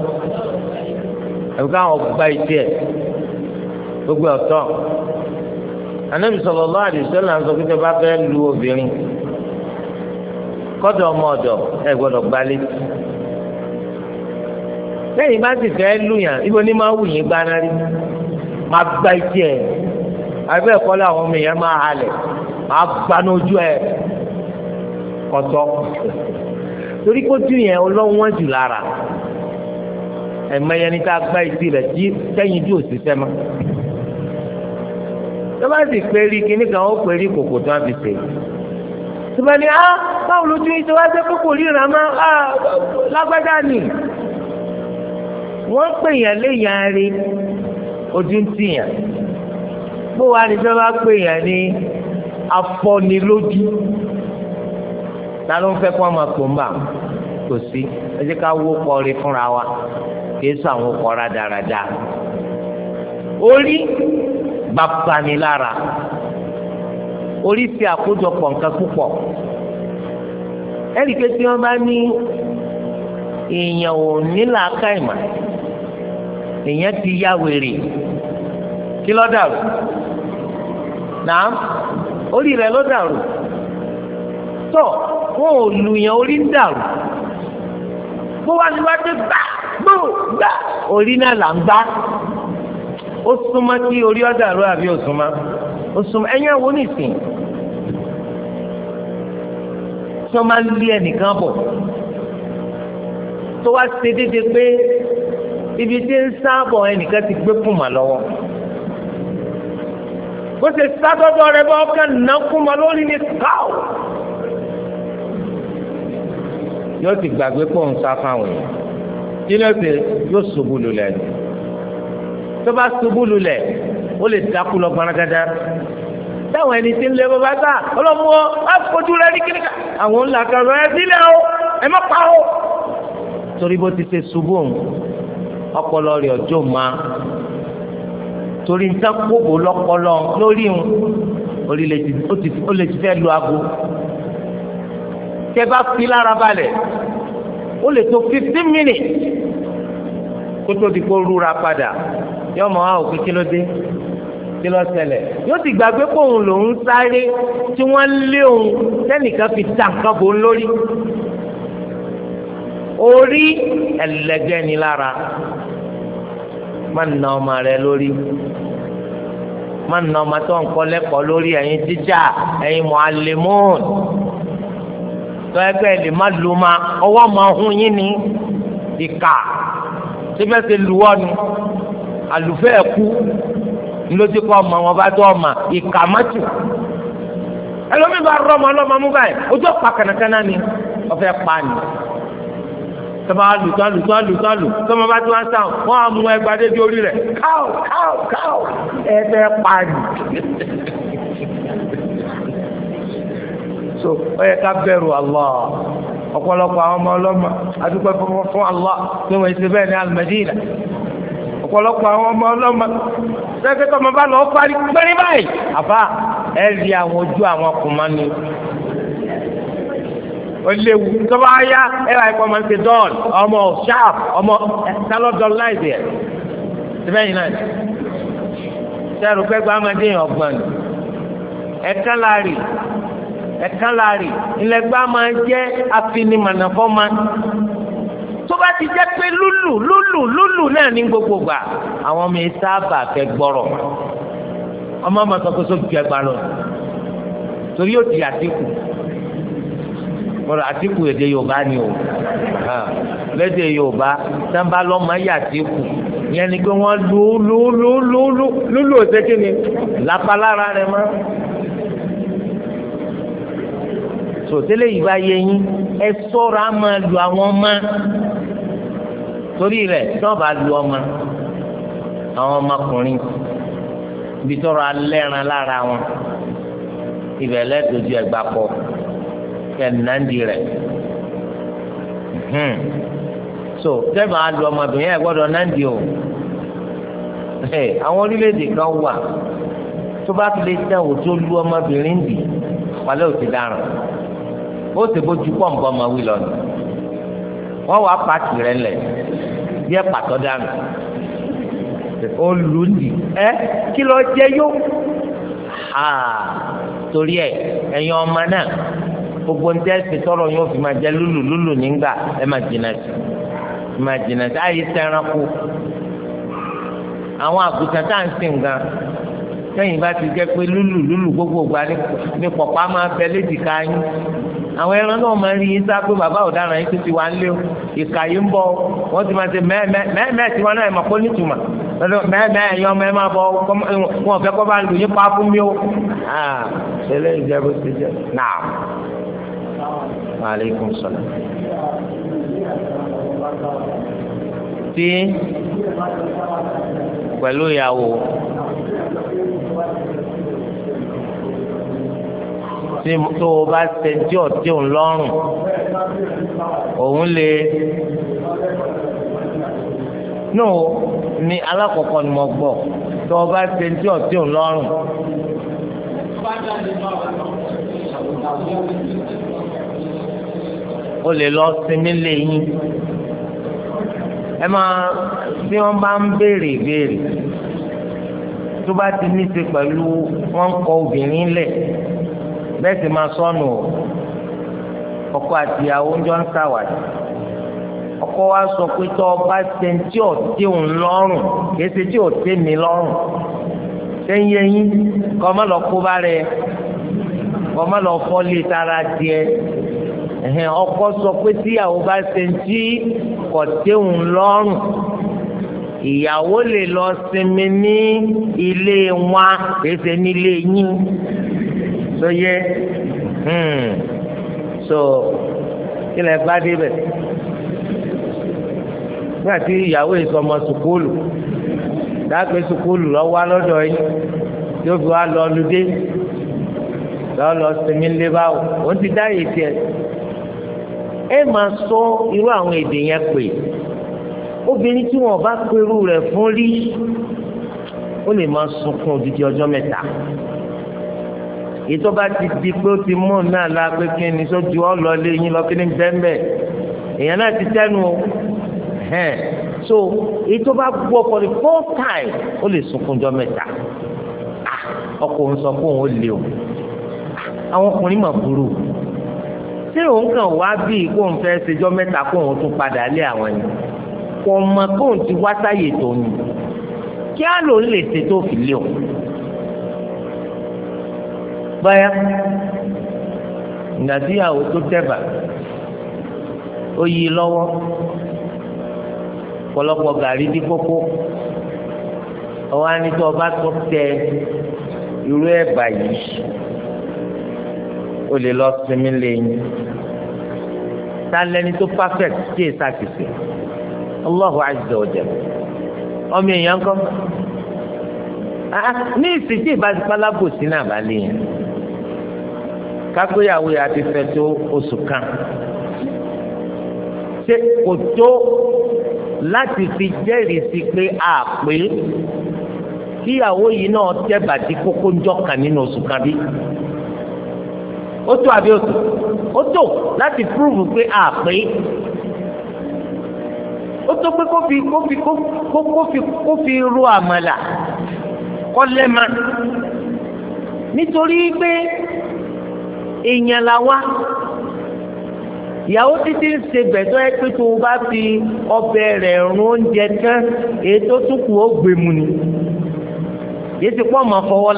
àbí káwọn gba ìdí ẹ̀ gbogbo ọ̀tọ̀ Ànábì sallallahu alaihi wasallam sọ pé tẹ bá fẹ́ lu obìnrin kọ́dọ̀ ọmọ ọ̀dọ̀ ẹ gbọ́dọ̀ gbalé lẹ́yìn bá sì fẹ́ lùyàn ibo ni máa wù yín gbaná rí máa gba ìtì ẹ̀ àbẹ́ ẹ̀kọ́ làwọn ọmọ yẹn máa halẹ̀ máa gbaná ojú ẹ̀ kọ́tọ́ torí kó tún yẹn ọlọ́wọ́n jù lára ẹ̀mẹ́yẹni tá a gba ìtì rẹ̀ tí sẹ́yìn jù òṣìṣẹ́ mọ́ tó bá sì pé rí kíní kan ó pé rí kòkò tó tó bá ní á báwo lójú ìṣe wá jẹ́ pé kò ríran máa ah, lágbájá nì wọ́n pè yàn léyàn rí ojú ń tìyàn bó wàá ní sọ́ba pè yàn ní afọ́nilójú ta ló ń fẹ́ kó wọn máa pò ń bà kò sí ẹ jẹ́ ká wó kọrin fúnra wa kìí sọ àwọn ọkọ̀ rádaràda orí bàbá mi lára orí ti àkójọpọ̀ nǹkan púpọ̀ ẹ̀rí pé tí wọ́n bá ní èèyàn ò ní làákàyè mà èèyàn ti ya wèrè kí ló dàrú náà orí rẹ̀ ló dàrú tọ̀ wọn ò lu yẹn orí ń dàrú bó wá síwá dé gbà gbò gbà orí náà là ń gbá ó súnmọ́ kí orí ọ̀dàrú àbí ó súnmọ́ ó súnmọ́ ẹ̀yìn àwọn onísìn tí wọ́n máa ń lé ẹnìkan bọ̀ tó wá ṣe déédé pé ibi tí ń sábọ̀ ẹnìkan ti gbé kùmà lọ́wọ́ bó ṣe sádọ́dọ́ rẹ bá ọkàn ná kùmà lórí ní káò yóò ti gbàgbé pọ̀ ń sá fáwọn èèyàn kí ló ṣe yóò ṣubú lulẹ̀ tó bá ṣubú lulẹ̀ ó lè dákú lọ gbaragada táwọn ẹni tí ń lé bàbá sá ọlọ́mú ọ á fojú rẹ ní kíni ká àwọn ńlá kan lọ sílẹ̀ o ẹ má pa o. torí bó ti ṣe ṣubú òun ọpọlọ rẹ ọjọ́ máa torí ń tán kóbó lọ́pọlọ lórí òun orí lè ti fẹ́ lu aago tẹ bá fi lára balẹ̀ ó lè tó fifteen minutes kótó di kó rúra padà yọmọ àwọn òkú kí ló dé kí ló ṣẹlẹ̀ yóò ti gbàgbé pé òun lòún sáré tí wọ́n lé òun sẹ́nìkan fi ta nǹkan bò ń lórí orí ẹlẹgẹ́ ni lára má na ọmọ rẹ lórí má na ọmọ tó ń kọ́ lẹ́kọ̀ọ́ lórí ẹ̀yin jíjà ẹ̀yin mọ̀álẹ́mọ́ọ̀n tọ́ẹ́gbẹ́ lè má lu ma ọwọ́ máa hún yín ni ìkà síbẹ̀ ti lu ọ́ nu àlùfẹ́ ẹ̀kú ńlọtí kọ́ ọmọ wọn bá tó ọmọ ìkà mọ́tò ẹlòmíì bá rọ ọmọ ọlọ́mọ mú báyìí ojú ọ̀pá kànákànná ni ọ̀fẹ́ pa ni tọ́ba alùtọ́ alùtọ́ alùtọ́ alù tọ́ba bá ti wá sáwọn wọ́n á mú ẹgbàá dé orí rẹ̀ káò káò káò ẹ fẹ́ pa ni. so ó yẹ ká bẹ̀rù Allah ọ̀pọ̀lọpọ̀ àwọn ọmọ ọlọ́mọ adúpẹ́ fún Allah pé wọ́n ti bẹ́ẹ̀ ní al ọ̀pọ̀lọpọ̀ àwọn ọmọ ọlọ́mọ sẹ́kẹ́ tó ọmọ bá lọ parí pẹ́rín báyìí àbá ẹ rí àwọn ojú àwọn ọkùnrin ni O léwu tó bá yá ẹ wà ẹ̀kọ́ máa ń ṣe dọ́ọ̀lù ọmọ ṣáàp ọmọ sálọ́dọ̀ọ́lù láìsí ẹ̀ síbẹ̀yìn náà sẹ́rù pẹ́ gba amadé yẹn ọgbọ́n ni ẹ̀ka láàrì ẹ̀ka láàrì ilẹ̀ gbá máa jẹ́ afinimànàfọ́ máa tó bá ti jẹ́ pé lúlù lúlù lúlù náà ní gbogbo gbà àwọn ọmọ yìí sábà fẹ́ gbọ́rọ̀ ọmọ ọmọ sọkó sókè ẹgbà lọ torí ó ti àtìkù ọ̀rọ̀ àtìkù èdè Yorùbá ni o lédè Yorùbá sábà lọ́mọ yà àtìkù yẹn ni pé wọ́n lù lù lù lù lù lù làpá lára rẹ̀ mọ́ sọ tẹ́lẹ̀ yìí bá yẹ yín ẹ sọ́ra máa lu àwọn ọmọ torí rẹ̀ dọ́ọ̀bà lu ọmọ àwọn ọmọkùnrin ibi tọrọ alẹ́ran lára wọn ibẹ̀ lẹ́dọ̀jú ẹ̀gbà pọ̀ kẹ̀nàndì rẹ̀ hmm. so tẹ́lẹ̀ máa lu ọmọbìnrin yẹn gbọ́dọ̀ náǹdì o àwọn orílẹ̀-èdè kan wà tó bá fi lè tẹ̀ wò tó lu ọmọbìnrin dì wàlẹ́ òtí dáràn ó sì bójú pọ̀npọ̀ ọmọ wí lọ nù wọ́n wá pàtì rẹ̀ lẹ̀ bí ẹ pàtọ́ dànù olùdí ẹ kí lọ jẹ yó torí ẹ ẹ̀yin ọmọ náà gbogbo ń tẹ́sí tọrọ yóò fi máa jẹ lulu lúlù nígbà ẹ máa jìnnà sí máa jìnnà sí àyè sẹ́ranko àwọn àgùntàn tá à ń sìn gan sẹ́yìn bá ti jẹ́ pé lúlù lúlù gbogbo ní pọ̀pá máa bẹ léjìká yín àwọn ẹran náà máa ń rí yín sá pé bàbá ọ̀daràn yín tó ti wá ń lé o ìkà yín ń bọ̀ wọ́n ti máa ṣe mẹ́ẹ̀mẹ́ tí wọ́n náà ẹ̀ mọ̀ kó nítumọ̀ mẹ́ẹ̀mẹ́ ẹ̀yọ́ ọmọ ẹ máa bọ̀ wọn fẹ́ kọ́ bá lù yín pa fún mi o. Ah, ṣẹlẹ̀ ìjẹ́ bó ti jẹ́ náà maaleykum salaam. tí pẹ̀lú ìyàwó. tí tó o bá ṣe tí ò tí ò ń lọ́rùn òun lè nù ní alákọ̀ọ́kọ́ ni mo gbọ́ tó o bá ṣe tí ò lọ́rùn. o lè lọ sinmi lẹ́yìn ẹ máa bí wọ́n bá ń béèrè ìbéèrè tó bá ti ní í ṣe pẹ̀lú wọ́n kọ obìnrin lẹ̀ bẹ́ẹ̀ sì máa sọnù o ọkọ àtìyàwó ń jọ ń ṣàwàdà ọkọ wa sọ pé tó o bá ṣe ń tí ò tí ò ń lọ́rùn kì í ṣe tí ò tí mi lọ́rùn ṣé ń yẹ kọ́ ọ má lọ kó bá rẹ kọ́ ọ má lọ fọ́ tara tiẹ̀ ẹ̀hẹ̀n ọkọ sọ pé tíyàwó bá ṣe tí kò tí ò ń lọ́rùn ìyàwó lè lọ sinmi ní ilé wa kì í ṣe nílé yín tó yẹ hmm. so kílẹ̀ bá débẹ̀ nígbà tí ìyàwó ìsọmọ sùkúlù dáàpé sùkúlù lọ́wọ́ lọ́dọ̀ yìí yóò fi wá lọ lùdé lọ́ọ́ lọ sinmi ńlẹ́ báwò òun ti dá èyí tiẹ̀ ẹ máa sọ irú àwọn èdè yẹn pé obìnrin tí wọn bá pẹ̀lú rẹ̀ fún rí ó lè máa sunkún odidi ọjọ́ mẹ́ta ètò bá ti di pé ó ti mú náà la pé kí ni sójú ọlọlé yín lọ kí ni bẹ́ẹ̀ èèyàn náà ti tẹnu o so ètò bá gbọ́ for the first time ó lè sunkún jọ mẹ́ta ah, ọkùnrin sọ pé òun ó lé o ah, àwọn ọkùnrin mọ̀ burú ṣé òun kàn wá bí kóun fẹ́ ṣèjọ́ mẹ́ta kóun tún padà lé àwọn ni kò mọ̀ kóun ti wá sáyè tó ni kí á lòun lè ṣe tó lé o báyà ìgbàdíyàwó tó tẹ̀bà ó yí lọ́wọ́ pọ̀lọpọ̀ gàrí dí kókó ọwọ́ anitọ́ ọba tó tẹ irú ẹ̀bà yìí ó lè lọ sinmi lẹ́yìn ta lẹni tó perfect tí èsà kìsì Allahu azza wa jalla ọmọ èèyàn kọ́ ah, ní ìsìtì ìbáṣepọ̀ alábòsí náà bá lè yàn kápẹ́yàwó yà ti fẹ́ tó oṣù kan ṣé kò tó láti fi jẹ́rìí pé a pé kíyàwó yìí náà tẹ́ bàtí kókó ńjọ́ kan nínú oṣù kan bí ó tó àbí oṣù ó tó láti púrúfù pé a pé ó tó pé kó fi kó fi kó ru àmàlà kọ́ nítorí pé. èèyàn la wá ìyàwó títí ń ṣe bẹ̀tọ́ ẹ pé tó bá fi ọbẹ̀ rẹ̀ rún oúnjẹ tán èyí tó tún kù ó gbé mu ni yìí pọ́ mọ́ fọwọ́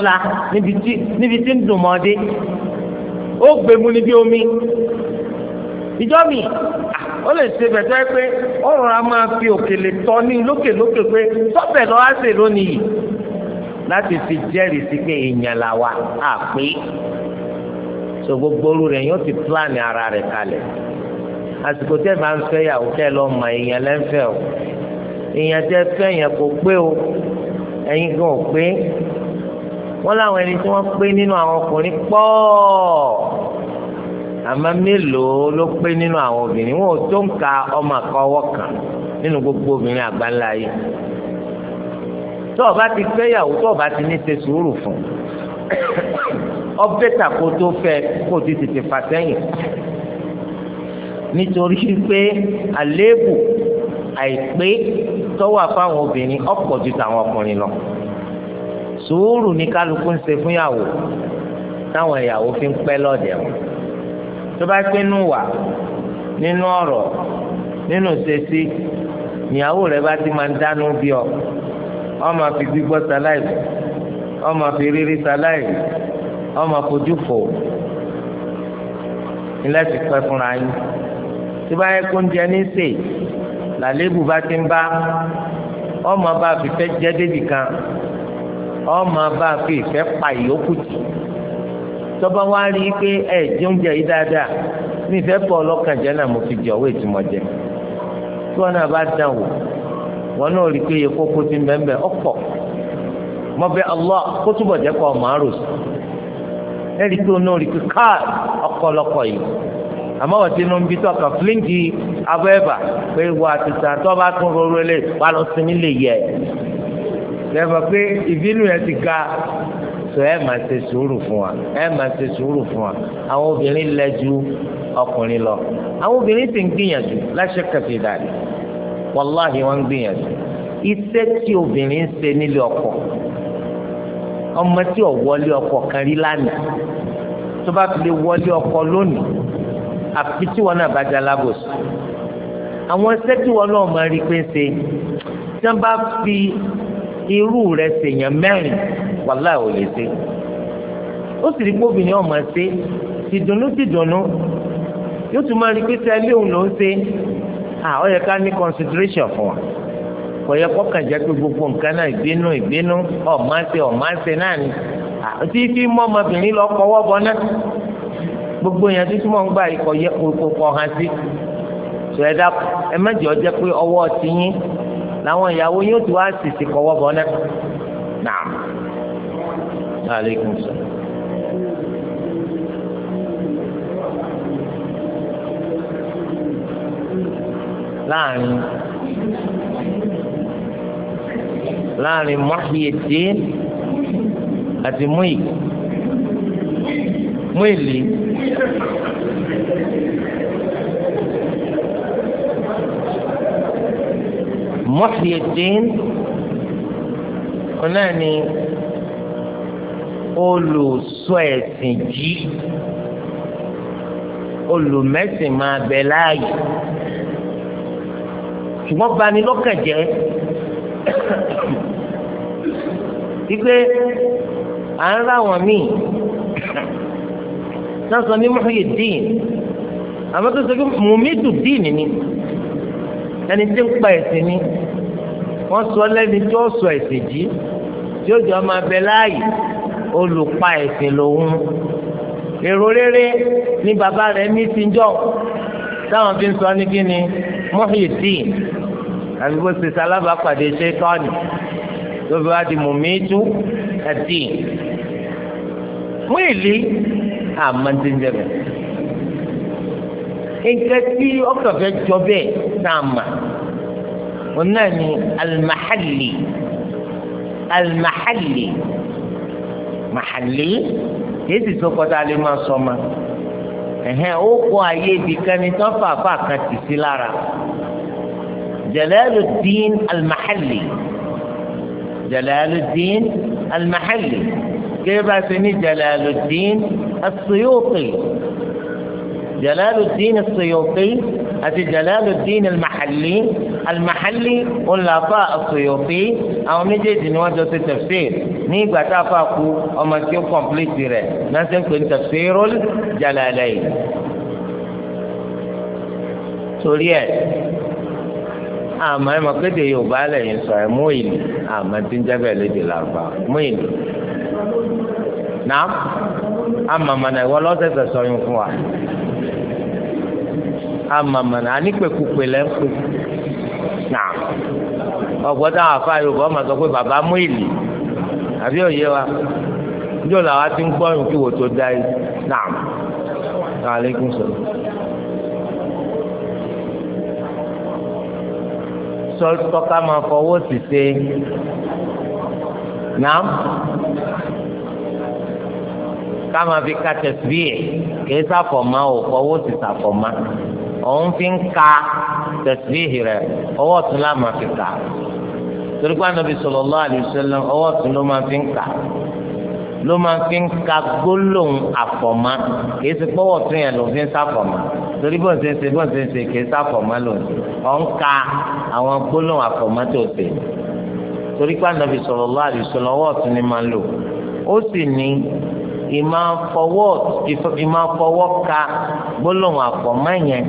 níbi tí ń dùn mọ́ ó gbé mu omi ìjọ mi ó lè ṣe bẹ̀tọ́ ẹ pé máa fi òkèlè tọ́ ní lókèlókè pé sọ́bẹ̀ lónìí láti fi so gbogbo orú rẹ̀ yóò ti pílánì ara rẹ̀ kalẹ̀ àsìkò tẹ́ bá ń fẹ́ yàwó tẹ́ lọ mọ èèyàn lẹ́ńfẹ́ o èèyàn tẹ́ fẹ́ yẹn kò pé o ẹ̀yin gan ò pé wọ́n láwọn ẹni tí wọ́n pé nínú àwọn ọkùnrin pọ̀ àmọ́ mélòó ló pé nínú àwọn obìnrin wọn ò tó ń ka ọmọ àkọ́wọ́ kan nínú gbogbo obìnrin àgbáńlá yìí tó o bá ti fẹ́ yàwó tó o bá ti ní ṣe sùúrù fún un ọbẹ̀ tàkó tó fẹ́ kó ti tètè fà sẹ́yìn nítorí pé àléébù àìpé tọ́wọ́ àfáwọn obìnrin ọ̀pọ̀ ju tàwọn ọkùnrin lọ sùúrù ní kálukú ń ṣe fúnyàwó táwọn ìyàwó fi ń pẹ́ lọ́dẹ̀ wọn tó bá pé nù wà nínú ọ̀rọ̀ nínú ṣesí ìyàwó rẹ bá ti máa ń dánú bí ọ ọ máa fi gbígbọ́ sáláì ọ máa fi rírí sáláì ọmọ fojú fò ilẹ̀ ti pẹ́ fúnra yín tí bá yẹ kó ń jẹ ní sè làlébù bá ti ń bá ọmọ bá fi fẹ́ jẹ́ débì kan ọmọ bá fi ìfẹ́ pa ìyókù jù tọ́ba wá rí i pé ẹ jẹ oúnjẹ yìí dáadáa ní ìfẹ́ pọ̀ ọlọ́kàn jẹ́ náà mo fi jẹ owó ìtumọ̀ jẹ tí wọn náà bá dàn wò wọn náà rí i pé iye kókó ti ń bẹ́ẹ̀ bẹ́ẹ̀ ọ̀pọ̀ mọ bẹ Allah kó túbọ̀ jẹ́ kọ́ ọmọ àròsùn ẹ̀rí tó náà rí pé káà ọ̀pọ̀lọpọ̀ yìí àmọ́ wọ́n ti nu bí tó kàn fílíǹgì abọ́ ẹ̀bà pé wà á ti sà tó bá tún rọrọ lé wà lọ sí nílé yẹ. lẹ́fọ̀ pé ìbínú yẹn ti ga sọ ẹ máa ṣe sùúrù fún wa ẹ máa ṣe sùúrù fún wa àwọn obìnrin lẹ́jú ọkùnrin lọ àwọn obìnrin sì ń gbìyànjú láṣẹ kẹfì dàrí wàláhì wọn ń gbìyànjú iṣẹ́ tí obìnrin ń ṣe nílé ọkọ ọmọ tí ò wọlé ọkọ kan rí lánàá tó bá fi lè wọlé ọkọ lónìí àfi tí wọn náà bá dá lábòsí àwọn ẹsẹ tí wọn náà máa rí pé ń ṣe tí wọn bá fi irú rẹ̀ ṣèyàn mẹ́rin wàhálà ò ṣe ó sì rí gbóbìnrin ọmọ ṣe ti dùnnú ti dùnnú yóò tún máa rí pé tẹ́lẹ̀ òun ló ń ṣe àwọn yẹ ká ní consideration fún wa kò yẹ kọ́kàn jẹ́ pé gbogbo nǹkan náà ìbínú ìbínú ọ̀máṣe ọ̀máṣe náà ni àti kí mọ́mọbìnrin lọ kọ́wọ́ bọ náà gbogbo yẹn tó túmọ̀ ń gbà yìí kọ̀ yẹ kọ̀ hàn sí sọ ẹ dá ẹ mẹ́jọ jẹ́ pé ọwọ́ ti yín làwọn ìyàwó yóò tó wá sì sí kọ́wọ́ bọ náà naam aleykum salaam. láàrin láàrin Muhyiddin àti Muyi Muyili. Muhyiddin náà ni olùsọ ẹ̀sìn jí olùmẹ̀sìn máa bẹ láàyè ṣùgbọ́n bani lọ́kàn jẹ́ wípé à ń rà wọn míì náà sọ ní Muhyiddin àmọ́ tó sọ pé mùmídù díìnì ni ẹni tí ń pa ẹ̀sìn ni wọ́n sọ lẹ́ni tí ó sọ ẹ̀sìn jí tí ó jọ máa bẹ láàyè olùpa ẹ̀sìn lòun èrò rere ní bàbá rẹ̀ ní tìjọ́ táwọn fi ń sọ ní kíni Muhyiddin àbí bó ṣe sálábàápàdé ṣe tọ́ni tó fi wá di mùmíìtú ẹ̀dì mú ìlí àmọ́tíńdẹ̀bẹ̀ nǹkan tí ọkọ̀fẹ́ jọ bẹ́ẹ̀ náà mà òun náà ni alimahalli alimahalli mahalli yìí sì tó kọ́ta lè máa sọ ma ẹ̀hẹ́n ó kọ ayé ibìkan ni tó fàáfàá kan tì sí lára Jalaluddin alimahalli. Jalaluddin Al-Mahalli gẹ́gẹ́ ṣe ní Jalaluddin As-Suyuti Jalaluddin As-Suyuti àti Jalaluddin Al-Mahalli Al-Mahalli ọ̀làfà As-Suyuti àwọn méjèèjì ni wọ́n jọ ṣe tafsir ní ìgbà tá a fà kú ọmọ tí ó kọ̀m̀plìtì rẹ̀ náà ṣe ń pè ní Tafsirul Jalalayn torí ẹ̀ àmọ́ ẹ mọ̀ kéde yorùbá lẹ́yìn sọ ẹ mú ìní àmọ́ tí ń jẹbẹ lédè làrúbá mú ìní nàá amàmànà ìwọ lọsẹsẹ sọyún fún wa amàmànà anípẹkùpẹ lẹ ń pè nàá ọgbọ́n táwọn afá yorùbá ọmọ sọ pé bàbá mú ìní àbí òye wa níjọ làwa ti ń gbọ́ ìrùkí wò tó dá yìí nàá. Alaikum salaam. tọ́ka máa fọwọ́ sí ṣe náà ká máa fi ka tẹ̀síbí ẹ̀ kì í sàfọ̀mọ́ ò fọwọ́ sí sàfọ̀mọ́ òun fi ń ka tẹ̀síbí rẹ̀ ọwọ́ tún láà máa fi kà torí pé Ànábì sallallahu alaihi wasallam ọwọ́ tún ló máa fi ń kà ló máa fi ń ka gbólóhùn àfọ̀mọ́ kìí ṣe pọ́wọ́ tún yẹn ló fi ń sàfọ̀mọ́ torí bó ń ṣe ń ṣe bó ń ṣe ń ṣe kìí sàfọ̀mọ́ ló ń ṣe ọ̀ ń ka àwọn gbólóhùn àfọ̀mọ́ tó ṣe torí pé ànábì sallallahu alaihi wasallam ọwọ́ ọ̀tún ni máa lò ó sì ní ìmáfọwọ́ ka gbólóhùn àfọ̀mọ́ yẹn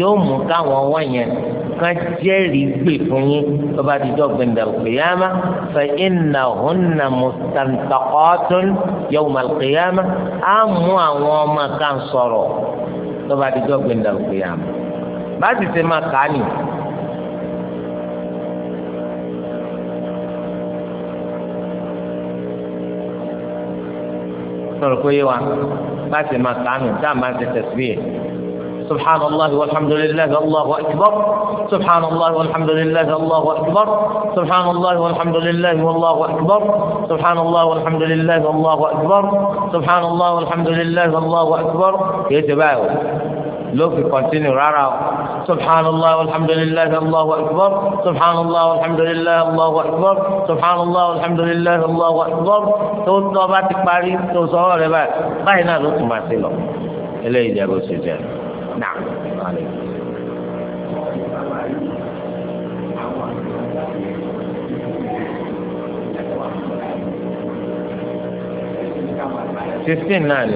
yóò mú káwọn ọwọ́ yẹn kan jẹ́rìí gbè fún yín tó bá ti jọ gbẹ̀ndà kìyàmá fa iná hunna mustantaqatun yawma kìyàmá á mú àwọn ọmọ kan sọ̀rọ̀ tó bá ti jọ bá ti ṣe máa kà á sọ̀rọ̀ pé yé wa bá ti máa kà á nì táà máa ti tẹ̀síbí سبحان الله والحمد لله الله أكبر سبحان الله والحمد لله الله أكبر سبحان الله والحمد لله والله أكبر سبحان الله والحمد لله الله أكبر سبحان الله والحمد لله الله أكبر يتباعوا لو في كونتينيو رارا سبحان الله والحمد لله الله أكبر سبحان الله والحمد لله الله أكبر سبحان الله والحمد لله الله أكبر تو صوباتك باري تو صوره بعد باينا لو تماثيلو إليه جابوا سجان fifteen náà ni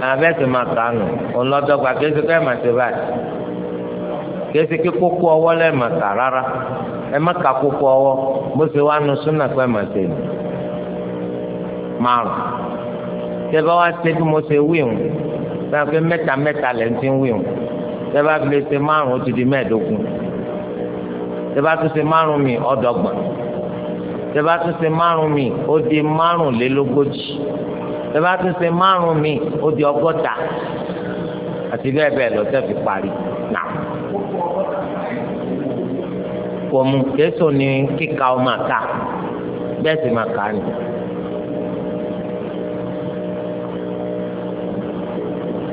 abẹ́sẹ̀ máa kà á nù ọlọ́dọ́gba kéésì ká ẹ̀ máa ṣe báyìí kéésì kí kókó ọwọ́ lẹ́ẹ̀ máa kà rárá ẹ má kà kókó ọwọ́ bó ṣe wá nu súnà pé máa ṣe nù márùn tẹ́bá wá ṣe bí mo ṣe wí hùn sáà pé mẹ́ta mẹ́ta lẹ́ ń ti wí hùn tẹ́bá fi lè ṣe márùn ó ti di mẹ́ẹ̀ẹ́dógún tẹ́bá tún ṣe márùn mi ọ̀dọ́gbọ̀n tẹ́bá tún ṣe márùn mi ó di márùnlélógójì tẹ́bá tún ṣe márùn mi ó di ọgọ́ta àti bẹ́ẹ̀ bẹ́ẹ̀ lọ tẹ́ fi parí náà. kò mú késo ní kíka ọmọ àká bẹ́ẹ̀ sì máa kà á nì.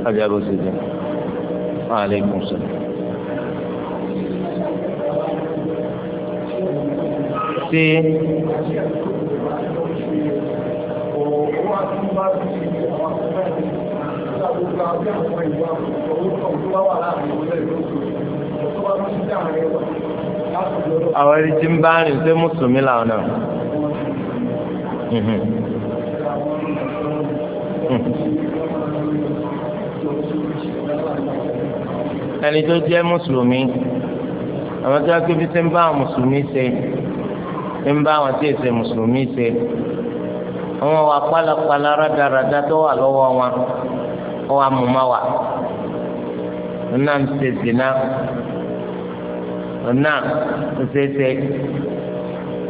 ọjọ́ bó ṣe jẹ́ wàhálà ìkùnsọ̀rọ̀. sí. àwọn ẹni tí ń bá rìn ṣé mùsùlùmí làwọn náà. Mhm. ẹni tó jẹ́ mùsùlùmí àwọn tó wá pé bí ń bá mùsùlùmí ṣe ń bá àwọn tí èsè mùsùlùmí ṣe wọn wà pálapàla rádaràda tó wà lọ́wọ́ wọn ó wà mú má wà nná ń ṣe zina nná ń ṣe ṣe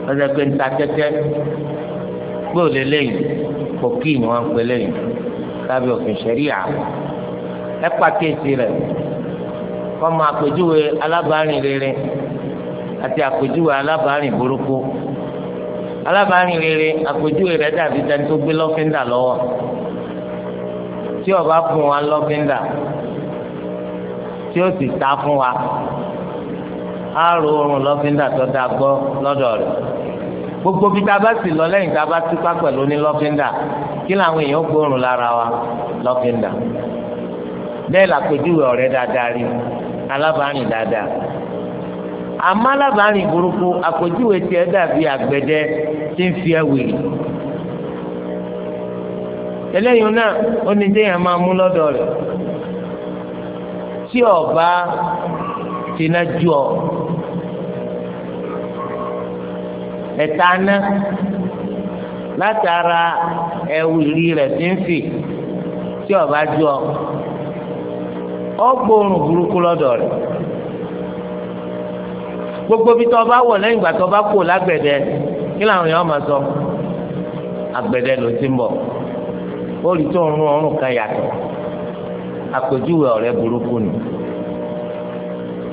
ọjọ́ pé ń ta tẹ́tẹ́ gbóòlé lẹ́yìn kòkí ni wọ́n pè lẹ́yìn lábẹ́ òfin ṣẹ̀ríà ẹ pàkíyèsí rẹ̀ kọ́ máa pèjúwe alábàárìn rere àti àpèjúwe alábàárìn burúkú alábàárìn rere àpèjúwe rẹ̀ dàbí tẹni tó gbé lọ́fíńdà lọ́wọ́ tí ó bá fún wa lọ́fíńdà tí ó sì ta fún wa á ro oorun lọ́fíńdà tó da gbọ́ lọ́dọ̀ rẹ̀ gbogbo bí tá a bá sì lọ lẹ́yìn tá a bá túká pẹ̀lú ní lọ́fíńdà kí làwọn èèyàn gbóòórùn lára wa lọ́fíńdà bẹ́ẹ̀ làpèjúwe ọ̀rẹ́ dáadáa rí alábàárìn dáadáa amálábàárin burúkú àpèjúwe tiẹ̀ dàbí àgbẹ̀dẹ tí ń fi wili. eléyìí náà ó ní déyàn máa mú lọ́dọ̀ rẹ̀ tí ọba tìǹà jù ọ ẹ̀ta ná látara ẹ̀wìrì rẹ̀ tí ń fì tí ọba jù ọ ọ burúkú lọ́dọ̀ rẹ̀. gbogbo bí tọ́ bá wọ̀ lẹ́yìn ìgbà lagbede bá ọrụ ya kí sọ àgbẹ̀dẹ ló ti ń bọ̀ tó ń rún ọrùn kan yàtọ̀ àpèjúwe ọ̀rẹ́ burúkú ni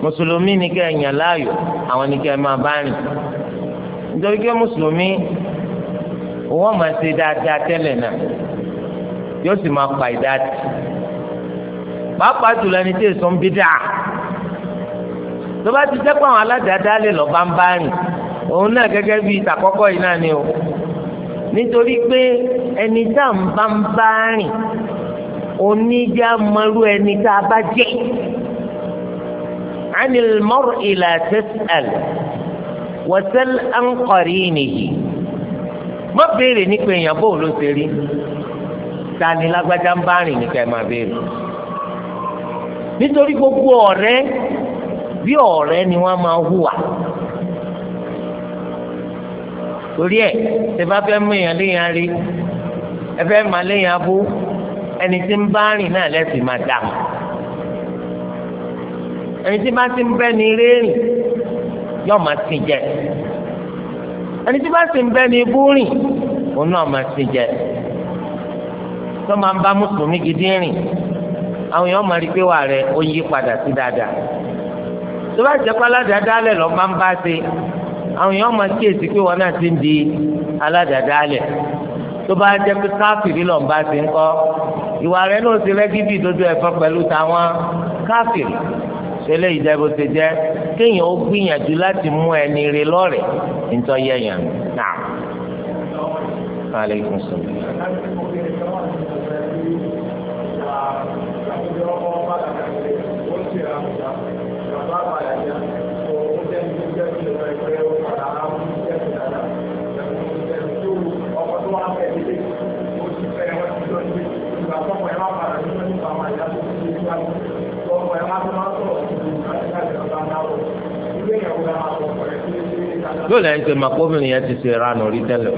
mùsùlùmí ni kẹ́ ẹ̀ láàyò àwọn ni kẹ́ ẹ máa bá rìn nítorí mùsùlùmí dáadáa náà yóò tó bá ti jẹ́ pé àwọn aládàádáálẹ̀ lọ́ba ń bá rìn òun náà gẹ́gẹ́ bíi ìtàkọ́kọ́ yìí náà ni o nítorí pé ẹni tá à ń bá ń bá rìn oníjà mọ́rú ẹni tá a bá jẹ́ anil mar'i la tas'al wa sal an qarinihi má béèrè nípa èèyàn bóun ló ṣe rí ta ni lágbájá ń bá rìn nípa ẹ̀ máa béèrè nítorí gbogbo ọ̀rẹ́ bí ọ̀rẹ́ ni wọ́n máa hùwà torí ẹ̀ tẹ bá fẹ́ mú èèyàn léèyàn rí ẹ fẹ́ máa léèyàn abú ẹni tí ń bá rìn náà lẹ́sìn máa dà mọ́ ẹni tí bá ti ń bẹ́ ni rérìn yóò máa jẹ ẹni tí bá ti ń bẹ́ ni òun náà máa jẹ tó máa ń bá mùsùlùmí gidi rìn àwọn èèyàn máa tó bá jẹ́ aládàádáálẹ̀ lọ máa ń bá ṣe àwọn èèyàn máa kíyèsí pé wọn náà ti ń di aládàádáálẹ̀ tó bá jẹ́ pé káfìrí lọ ń bá ṣe ń kọ́ ìwà rẹ̀ náà ti rẹ́gí bíi dodo ẹ̀fọ́ pẹ̀lú tàwọn káfìrí ṣẹlẹ̀ ìjẹ́bù ti jẹ́ kéèyàn ó gbìyànjú láti mú ẹni rè lọ́rẹ̀ nítorí ẹ̀yàn náà. yóò lẹ́yìn pé màkóbìnrin yẹn ti ṣe ranù rí tẹ́lẹ̀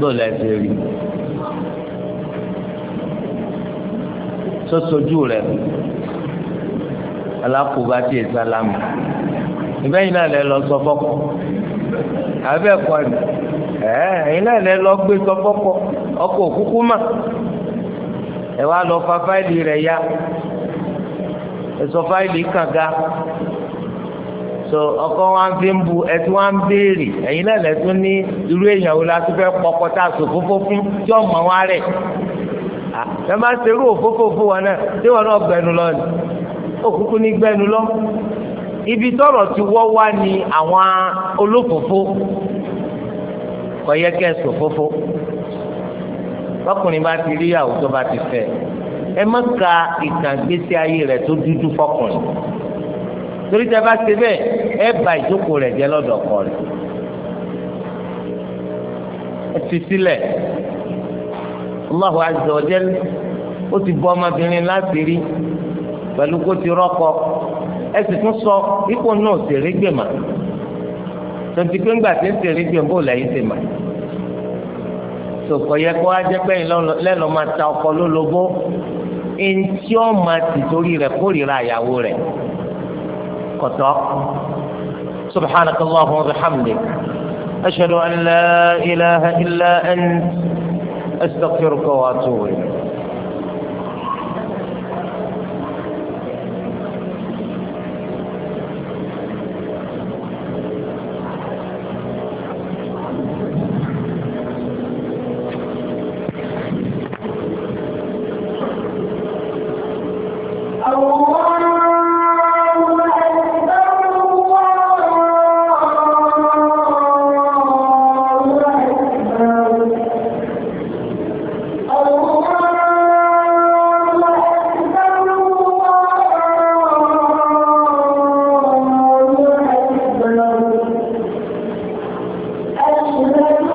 yóò lẹ́yìn pé rí sọ́sọ́jú rẹ̀ alákòóbá tí èsì alámù ìbẹ́yìn náà lẹ lọ sọ fọ́kọ abẹ́ ẹ̀kọ́ ẹ̀ ẹ̀yìn náà lẹ lọ gbé sọ ọkọ̀ òkúkú mà. ẹ wá lọ fa fáìlì rẹ̀ ya ẹ̀sọ́ fáìlì kàga so ọkọ wa fi ń bu ẹtí wa ń béèrè ẹ̀yin náà lẹ́tún ní irú èèyàn wo la tún fẹ́ pọkọ tá a sọ fófó fún tí ọmọ wa rẹ̀ ẹ máa ṣe irú òfófó fún wọn náà tí wọn náà gbẹnu lọ ni òkúkú ní gbẹnu lọ ibi tọ́rọ̀ ti wọ́ wá ni àwọn olófòfó kò yẹ kẹ́ sọ fófó lọ́kùnrin bá ti rí ìyàwó tó bá ti fẹ́ ẹ má ka ìtàgbésí ayé rẹ̀ tó dúdú fọkùnrin torí tẹ bá ṣe bẹ́ẹ̀ ẹ bà ìjókòó rẹ̀ jẹ́ lọ́dọ̀ ọkọ rẹ̀ ẹ ti sílẹ̀ Allahu azza wa jal ó ti bọ́ ọmọbìnrin láti rí pẹ̀lú kó ti rọ́kọ ẹ sì tún sọ ipò náà ṣèré gbèmà tontigbéǹgbà tí ń ṣèré gbèmà bó lẹ́yìn ṣèmà sòkò yẹ kó ajẹ́ pẹ́yìn lẹ́nu máa ta ọkọ lólobó eŋti ọ ti torí rẹ̀ kórìíra ìyàwó rẹ̀ kọ̀tọ́ subhanaka allahumma wa bihamdik ashhadu an la ilaha illa ant astaghfiruka wa atubu ilayk.